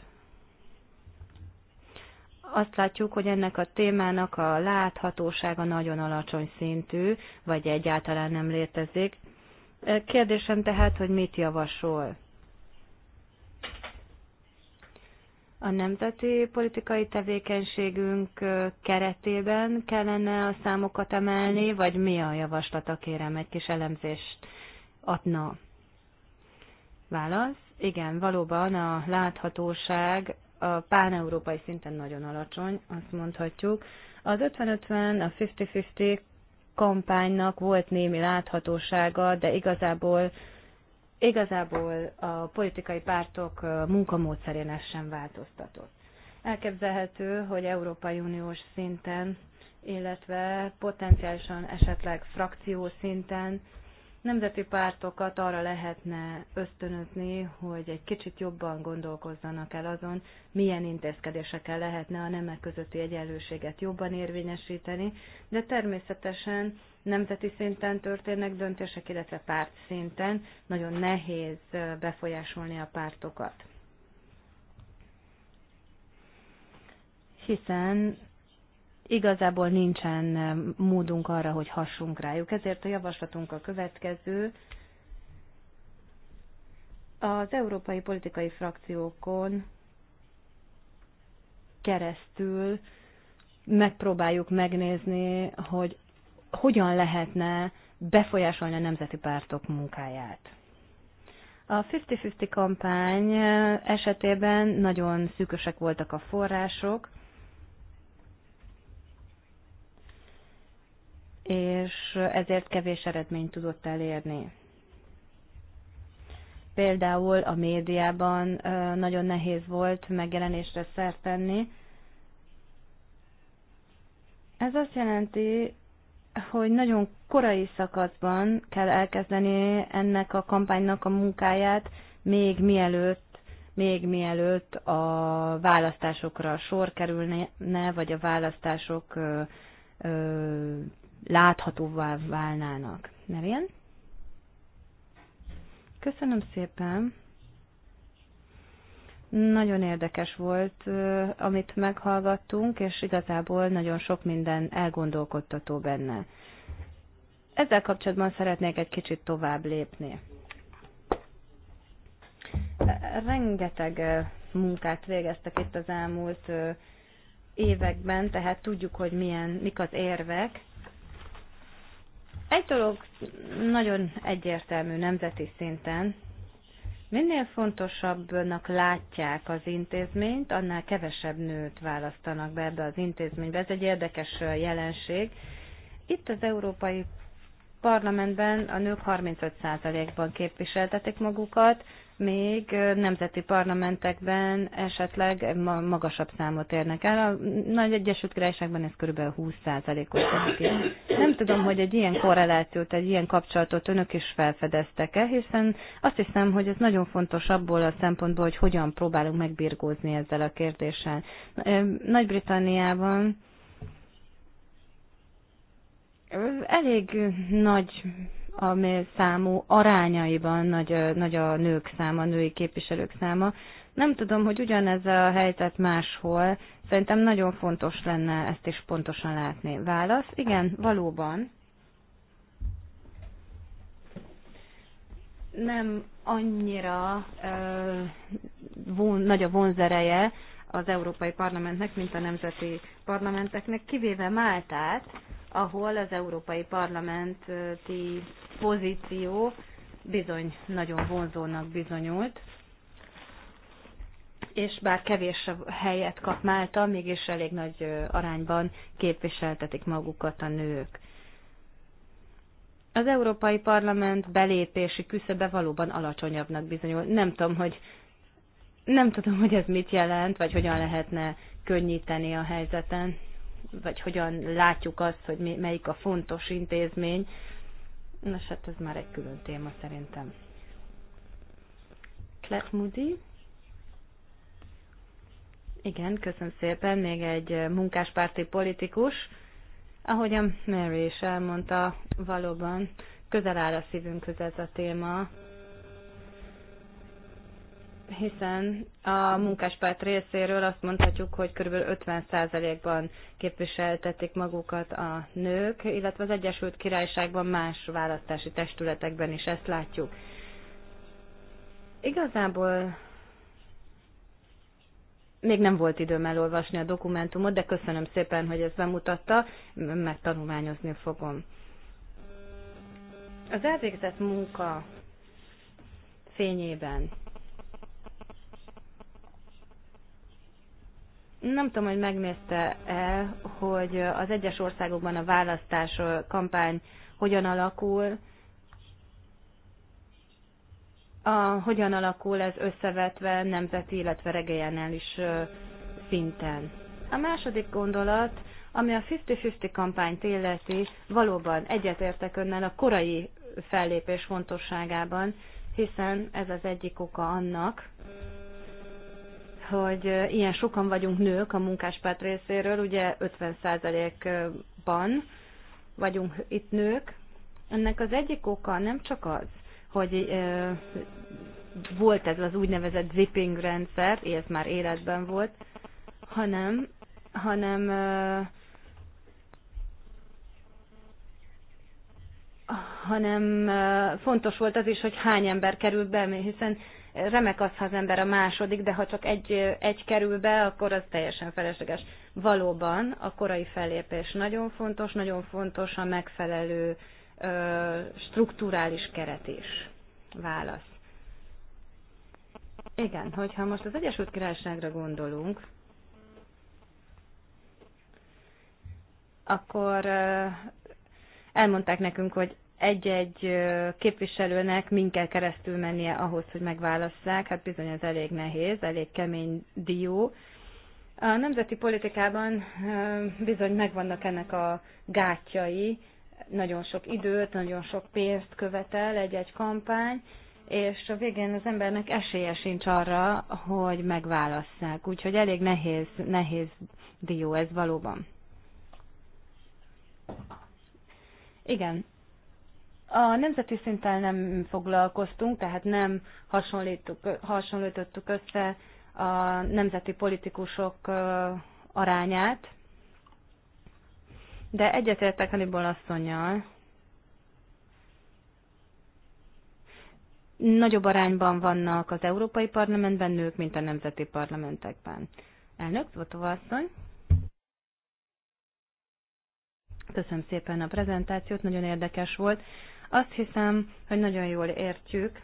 azt látjuk, hogy ennek a témának a láthatósága nagyon alacsony szintű, vagy egyáltalán nem létezik. E, kérdésem tehát, hogy mit javasol? A nemzeti politikai tevékenységünk e, keretében kellene a számokat emelni, vagy mi a javaslata, kérem, egy kis elemzést adna. Válasz? Igen, valóban a láthatóság a pán-európai szinten nagyon alacsony, azt mondhatjuk. Az 50-50, a 50-50 kampánynak volt némi láthatósága, de igazából igazából a politikai pártok munkamódszerén ez sem változtatott. Elképzelhető, hogy Európai Uniós szinten, illetve potenciálisan esetleg frakció szinten nemzeti pártokat arra lehetne ösztönözni, hogy egy kicsit jobban gondolkozzanak el azon, milyen intézkedésekkel lehetne a nemek közötti egyenlőséget jobban érvényesíteni, de természetesen nemzeti szinten történnek döntések, illetve párt szinten nagyon nehéz befolyásolni a pártokat. Hiszen igazából nincsen módunk arra, hogy hassunk rájuk. Ezért a javaslatunk a következő. Az európai politikai frakciókon keresztül megpróbáljuk megnézni, hogy hogyan lehetne befolyásolni a nemzeti pártok munkáját. A 50-50 kampány esetében nagyon szűkösek voltak a források, és ezért kevés eredményt tudott elérni. Például a médiában nagyon nehéz volt megjelenésre szert tenni. Ez azt jelenti, hogy nagyon korai szakaszban kell elkezdeni ennek a kampánynak a munkáját, még mielőtt, még mielőtt a választásokra sor kerülne, vagy a választások láthatóvá válnának. Merjen? Köszönöm szépen. Nagyon érdekes volt, amit meghallgattunk, és igazából nagyon sok minden elgondolkodtató benne. Ezzel kapcsolatban szeretnék egy kicsit tovább lépni. Rengeteg munkát végeztek itt az elmúlt években, tehát tudjuk, hogy milyen, mik az érvek, egy dolog nagyon egyértelmű nemzeti szinten, minél fontosabbnak látják az intézményt, annál kevesebb nőt választanak be ebbe az intézménybe. Ez egy érdekes jelenség. Itt az Európai Parlamentben a nők 35%-ban képviseltetik magukat, még nemzeti parlamentekben esetleg magasabb számot érnek el. A Nagy Egyesült Királyságban ez kb. 20 os Nem tudom, hogy egy ilyen korrelációt, egy ilyen kapcsolatot önök is felfedeztek-e, hiszen azt hiszem, hogy ez nagyon fontos abból a szempontból, hogy hogyan próbálunk megbirgózni ezzel a kérdéssel. Nagy-Britanniában elég nagy ami számú arányaiban nagy, nagy a nők száma, a női képviselők száma. Nem tudom, hogy ugyanez a helyzet máshol. Szerintem nagyon fontos lenne ezt is pontosan látni. Válasz? Igen, valóban. Nem annyira ö, von, nagy a vonzereje az Európai Parlamentnek, mint a nemzeti parlamenteknek, kivéve Máltát, ahol az Európai Parlamenti pozíció bizony nagyon vonzónak bizonyult, és bár kevésebb helyet kap Málta, mégis elég nagy arányban képviseltetik magukat a nők. Az Európai Parlament belépési küszöbe valóban alacsonyabbnak bizonyul. Nem tudom, hogy nem tudom, hogy ez mit jelent, vagy hogyan lehetne könnyíteni a helyzeten, vagy hogyan látjuk azt, hogy melyik a fontos intézmény, Na hát ez már egy külön téma szerintem. Claire Moody. Igen, köszönöm szépen. Még egy munkáspárti politikus. Ahogyan Mary is elmondta, valóban közel áll a szívünkhöz ez a téma hiszen a munkáspárt részéről azt mondhatjuk, hogy kb. 50%-ban képviseltetik magukat a nők, illetve az Egyesült Királyságban más választási testületekben is ezt látjuk. Igazából még nem volt időm elolvasni a dokumentumot, de köszönöm szépen, hogy ezt bemutatta, mert tanulmányozni fogom. Az elvégzett munka fényében Nem tudom, hogy megnézte-e, hogy az egyes országokban a választás kampány hogyan alakul, a, hogyan alakul ez összevetve nemzeti, illetve regionális szinten. A második gondolat, ami a 50-50 kampányt illeti, valóban egyetértek önnel a korai fellépés fontosságában, hiszen ez az egyik oka annak, hogy ilyen sokan vagyunk nők a munkáspárt részéről, ugye 50%-ban vagyunk itt nők. Ennek az egyik oka nem csak az, hogy volt ez az úgynevezett zipping rendszer, ez már életben volt, hanem, hanem hanem fontos volt az is, hogy hány ember kerül be, hiszen remek az, ha az ember a második, de ha csak egy, egy kerül be, akkor az teljesen felesleges. Valóban a korai fellépés nagyon fontos, nagyon fontos a megfelelő ö, strukturális keret is. Válasz. Igen, hogyha most az Egyesült Királyságra gondolunk, akkor elmondták nekünk, hogy egy-egy képviselőnek mind kell keresztül mennie ahhoz, hogy megválasszák, hát bizony ez elég nehéz, elég kemény dió. A nemzeti politikában bizony megvannak ennek a gátjai, nagyon sok időt, nagyon sok pénzt követel egy-egy kampány, és a végén az embernek esélye sincs arra, hogy megválasszák. Úgyhogy elég nehéz, nehéz dió ez valóban. Igen, a nemzeti szinten nem foglalkoztunk, tehát nem hasonlítottuk össze a nemzeti politikusok arányát, de egyetértek Hannibal asszonynal. Nagyobb arányban vannak az Európai Parlamentben nők, mint a nemzeti parlamentekben. Elnök, Zvotova asszony. Köszönöm szépen a prezentációt, nagyon érdekes volt. Azt hiszem, hogy nagyon jól értjük,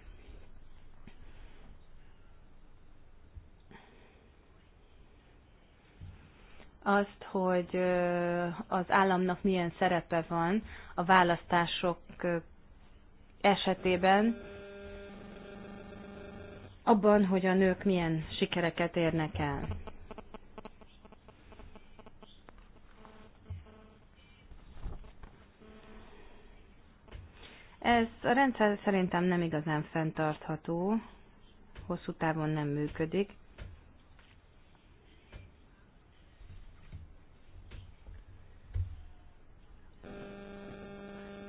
azt, hogy az államnak milyen szerepe van a választások esetében, abban, hogy a nők milyen sikereket érnek el. Ez a rendszer szerintem nem igazán fenntartható, hosszú távon nem működik.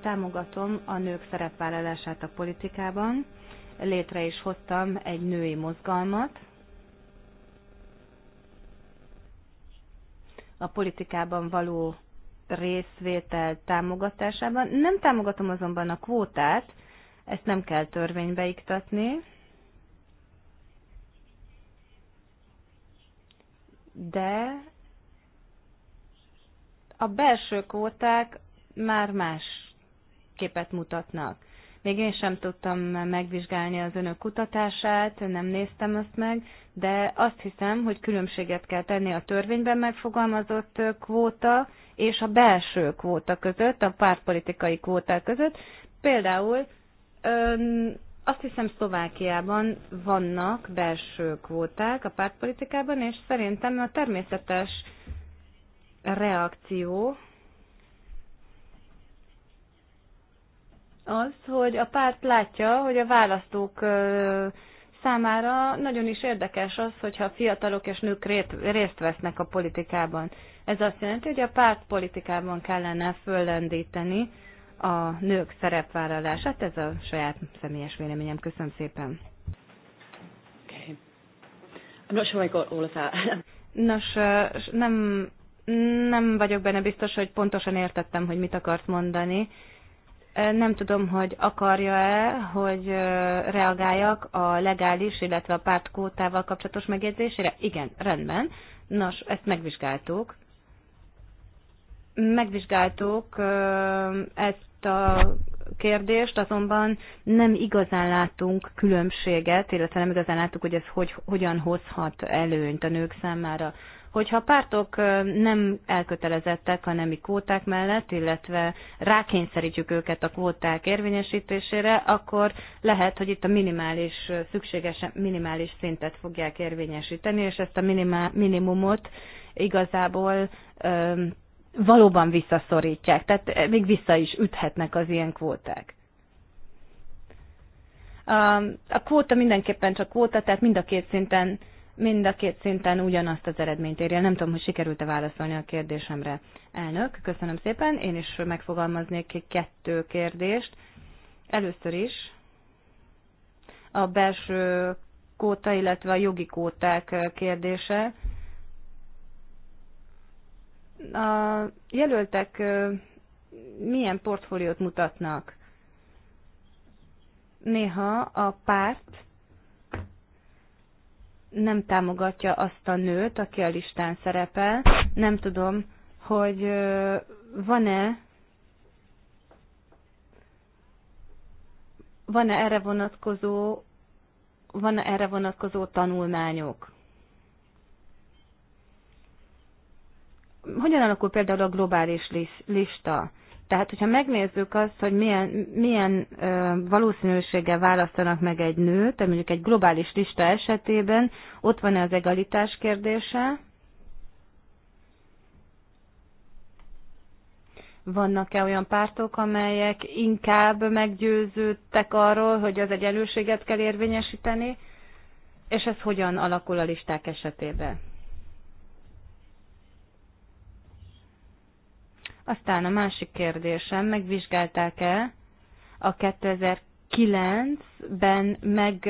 Támogatom a nők szerepvállalását a politikában. Létre is hoztam egy női mozgalmat. A politikában való részvétel támogatásában. Nem támogatom azonban a kvótát, ezt nem kell törvénybe iktatni, de a belső kvóták már más képet mutatnak. Még én sem tudtam megvizsgálni az önök kutatását, nem néztem azt meg, de azt hiszem, hogy különbséget kell tenni a törvényben megfogalmazott kvóta és a belső kvóta között, a pártpolitikai kvóták között. Például azt hiszem Szlovákiában vannak belső kvóták a pártpolitikában, és szerintem a természetes reakció az, hogy a párt látja, hogy a választók számára nagyon is érdekes az, hogyha a fiatalok és nők részt vesznek a politikában. Ez azt jelenti, hogy a pártpolitikában kellene föllendíteni a nők szerepvállalását. Ez a saját személyes véleményem. Köszönöm szépen. Okay. I'm not sure I got all of that. Nos, nem, nem vagyok benne biztos, hogy pontosan értettem, hogy mit akarsz mondani. Nem tudom, hogy akarja-e, hogy reagáljak a legális, illetve a pártkótával kapcsolatos megjegyzésére. Igen, rendben. Nos, ezt megvizsgáltuk. Megvizsgáltuk ezt a kérdést, azonban nem igazán látunk különbséget, illetve nem igazán láttuk, hogy ez hogy, hogyan hozhat előnyt a nők számára hogyha a pártok nem elkötelezettek a nemi kvóták mellett, illetve rákényszerítjük őket a kvóták érvényesítésére, akkor lehet, hogy itt a minimális, szükséges minimális szintet fogják érvényesíteni, és ezt a minimál, minimumot igazából öm, valóban visszaszorítják, tehát még vissza is üthetnek az ilyen kvóták. A kvóta mindenképpen csak kvóta, tehát mind a két szinten mind a két szinten ugyanazt az eredményt érje. Nem tudom, hogy sikerült-e válaszolni a kérdésemre. Elnök, köszönöm szépen. Én is megfogalmaznék kettő kérdést. Először is a belső kóta, illetve a jogi kóták kérdése. A jelöltek milyen portfóliót mutatnak? Néha a párt nem támogatja azt a nőt, aki a listán szerepel. Nem tudom, hogy van-e van-e erre vonatkozó van -e erre vonatkozó tanulmányok? Hogyan alakul például a globális lista? Tehát, hogyha megnézzük azt, hogy milyen, milyen ö, valószínűséggel választanak meg egy nőt, tehát mondjuk egy globális lista esetében, ott van-e az egalitás kérdése, vannak-e olyan pártok, amelyek inkább meggyőződtek arról, hogy az egyenlőséget kell érvényesíteni, és ez hogyan alakul a listák esetében? Aztán a másik kérdésem, megvizsgálták-e a 2009-ben meg,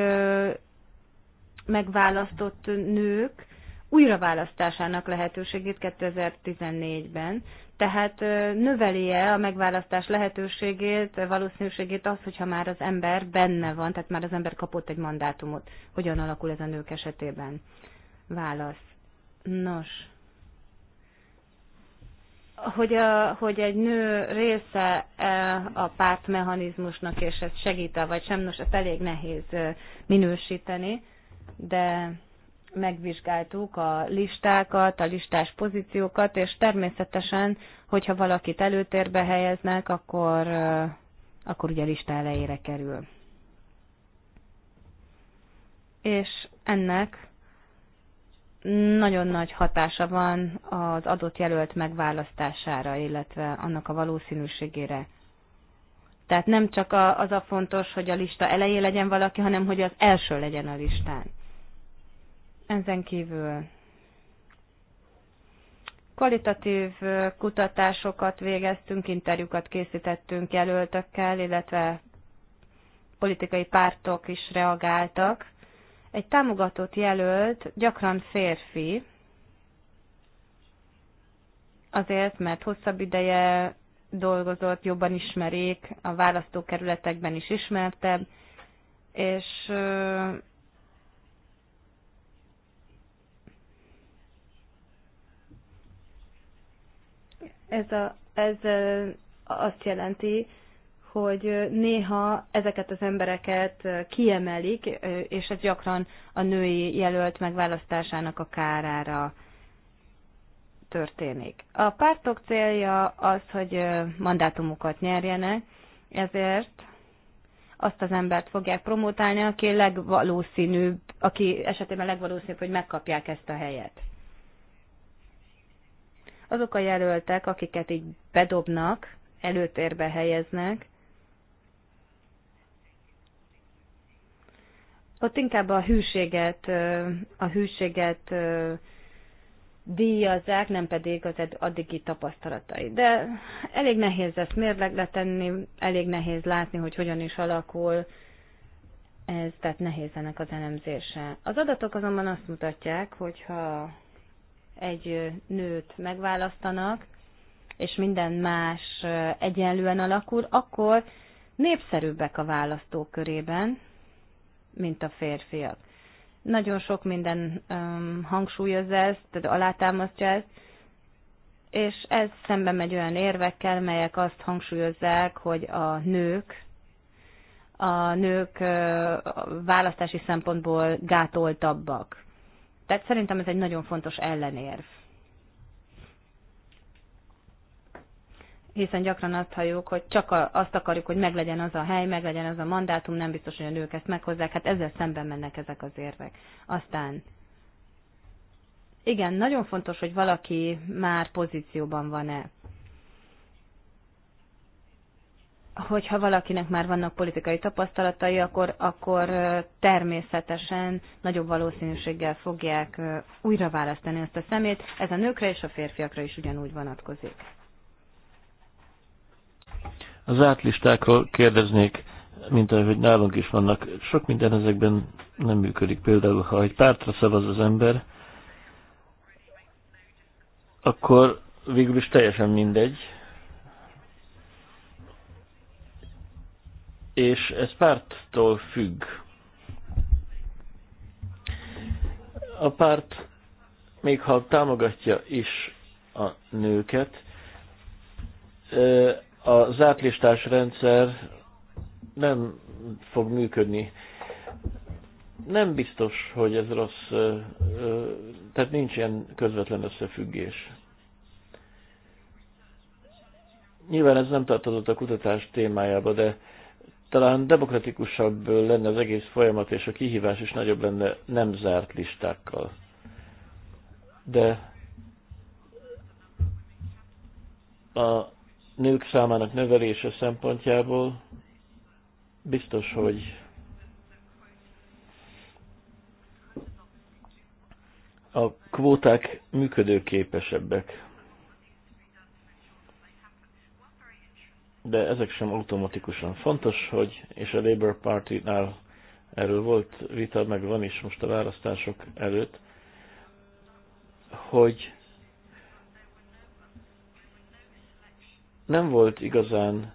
megválasztott nők újraválasztásának lehetőségét 2014-ben. Tehát növeli-e a megválasztás lehetőségét, valószínűségét az, hogyha már az ember benne van, tehát már az ember kapott egy mandátumot. Hogyan alakul ez a nők esetében? Válasz. Nos, hogy, a, hogy egy nő része a pártmechanizmusnak, és ez segít -e, vagy sem, nos, ezt elég nehéz minősíteni, de megvizsgáltuk a listákat, a listás pozíciókat, és természetesen, hogyha valakit előtérbe helyeznek, akkor, akkor ugye lista elejére kerül. És ennek nagyon nagy hatása van az adott jelölt megválasztására, illetve annak a valószínűségére. Tehát nem csak az a fontos, hogy a lista elején legyen valaki, hanem hogy az első legyen a listán. Ezen kívül kvalitatív kutatásokat végeztünk, interjúkat készítettünk jelöltökkel, illetve politikai pártok is reagáltak egy támogatott jelölt gyakran férfi, azért, mert hosszabb ideje dolgozott, jobban ismerik, a választókerületekben is ismertebb, és ez, a, ez azt jelenti, hogy néha ezeket az embereket kiemelik, és ez gyakran a női jelölt megválasztásának a kárára történik. A pártok célja az, hogy mandátumokat nyerjenek, ezért azt az embert fogják promotálni, aki legvalószínűbb, aki esetében legvalószínűbb, hogy megkapják ezt a helyet. Azok a jelöltek, akiket így bedobnak, előtérbe helyeznek, Ott inkább a hűséget, a hűséget díjazzák, nem pedig az addigi tapasztalatai. De elég nehéz ezt mérlegre tenni, elég nehéz látni, hogy hogyan is alakul ez, tehát nehéz ennek az elemzése. Az adatok azonban azt mutatják, hogyha egy nőt megválasztanak, és minden más egyenlően alakul, akkor népszerűbbek a választók körében, mint a férfiak. Nagyon sok minden um, hangsúlyozza ezt, tehát alátámasztja ezt, és ez szembe megy olyan érvekkel, melyek azt hangsúlyozzák, hogy a nők a nők választási szempontból gátoltabbak. Tehát szerintem ez egy nagyon fontos ellenérv. hiszen gyakran azt halljuk, hogy csak azt akarjuk, hogy meglegyen az a hely, meglegyen az a mandátum, nem biztos, hogy a nők ezt meghozzák, hát ezzel szemben mennek ezek az érvek. Aztán igen, nagyon fontos, hogy valaki már pozícióban van-e. Hogyha valakinek már vannak politikai tapasztalatai, akkor, akkor természetesen nagyobb valószínűséggel fogják újra választani ezt a szemét. Ez a nőkre és a férfiakra is ugyanúgy vonatkozik. Az átlistákról kérdeznék, mint ahogy nálunk is vannak. Sok minden ezekben nem működik. Például, ha egy pártra szavaz az ember, akkor végül is teljesen mindegy. És ez párttól függ. A párt, még ha támogatja is a nőket, a zártlistás rendszer nem fog működni. Nem biztos, hogy ez rossz, tehát nincs ilyen közvetlen összefüggés. Nyilván ez nem tartozott a kutatás témájába, de talán demokratikusabb lenne az egész folyamat, és a kihívás is nagyobb lenne nem zárt listákkal. De a nők számának növelése szempontjából biztos, hogy a kvóták működőképesebbek. De ezek sem automatikusan fontos, hogy, és a Labour Party-nál erről volt vita, meg van is most a választások előtt, hogy nem volt igazán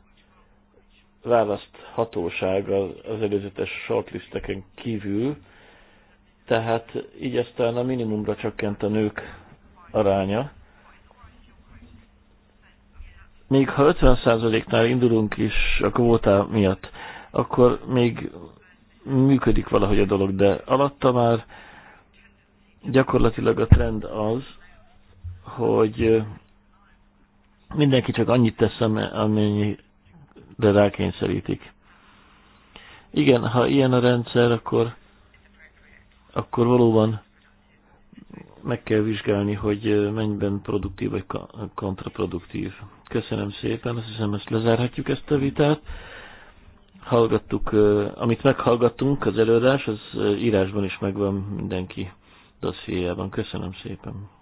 választhatóság az előzetes shortlisteken kívül, tehát így aztán a minimumra csökkent a nők aránya. Még ha 50%-nál indulunk is a kvóta miatt, akkor még működik valahogy a dolog, de alatta már gyakorlatilag a trend az, hogy Mindenki csak annyit tesz, amennyi de rákényszerítik. Igen, ha ilyen a rendszer, akkor, akkor valóban meg kell vizsgálni, hogy mennyiben produktív vagy kontraproduktív. Köszönöm szépen, azt hiszem ezt lezárhatjuk ezt a vitát. Hallgattuk, amit meghallgattunk, az előadás, az írásban is megvan mindenki dossziéjában. Köszönöm szépen.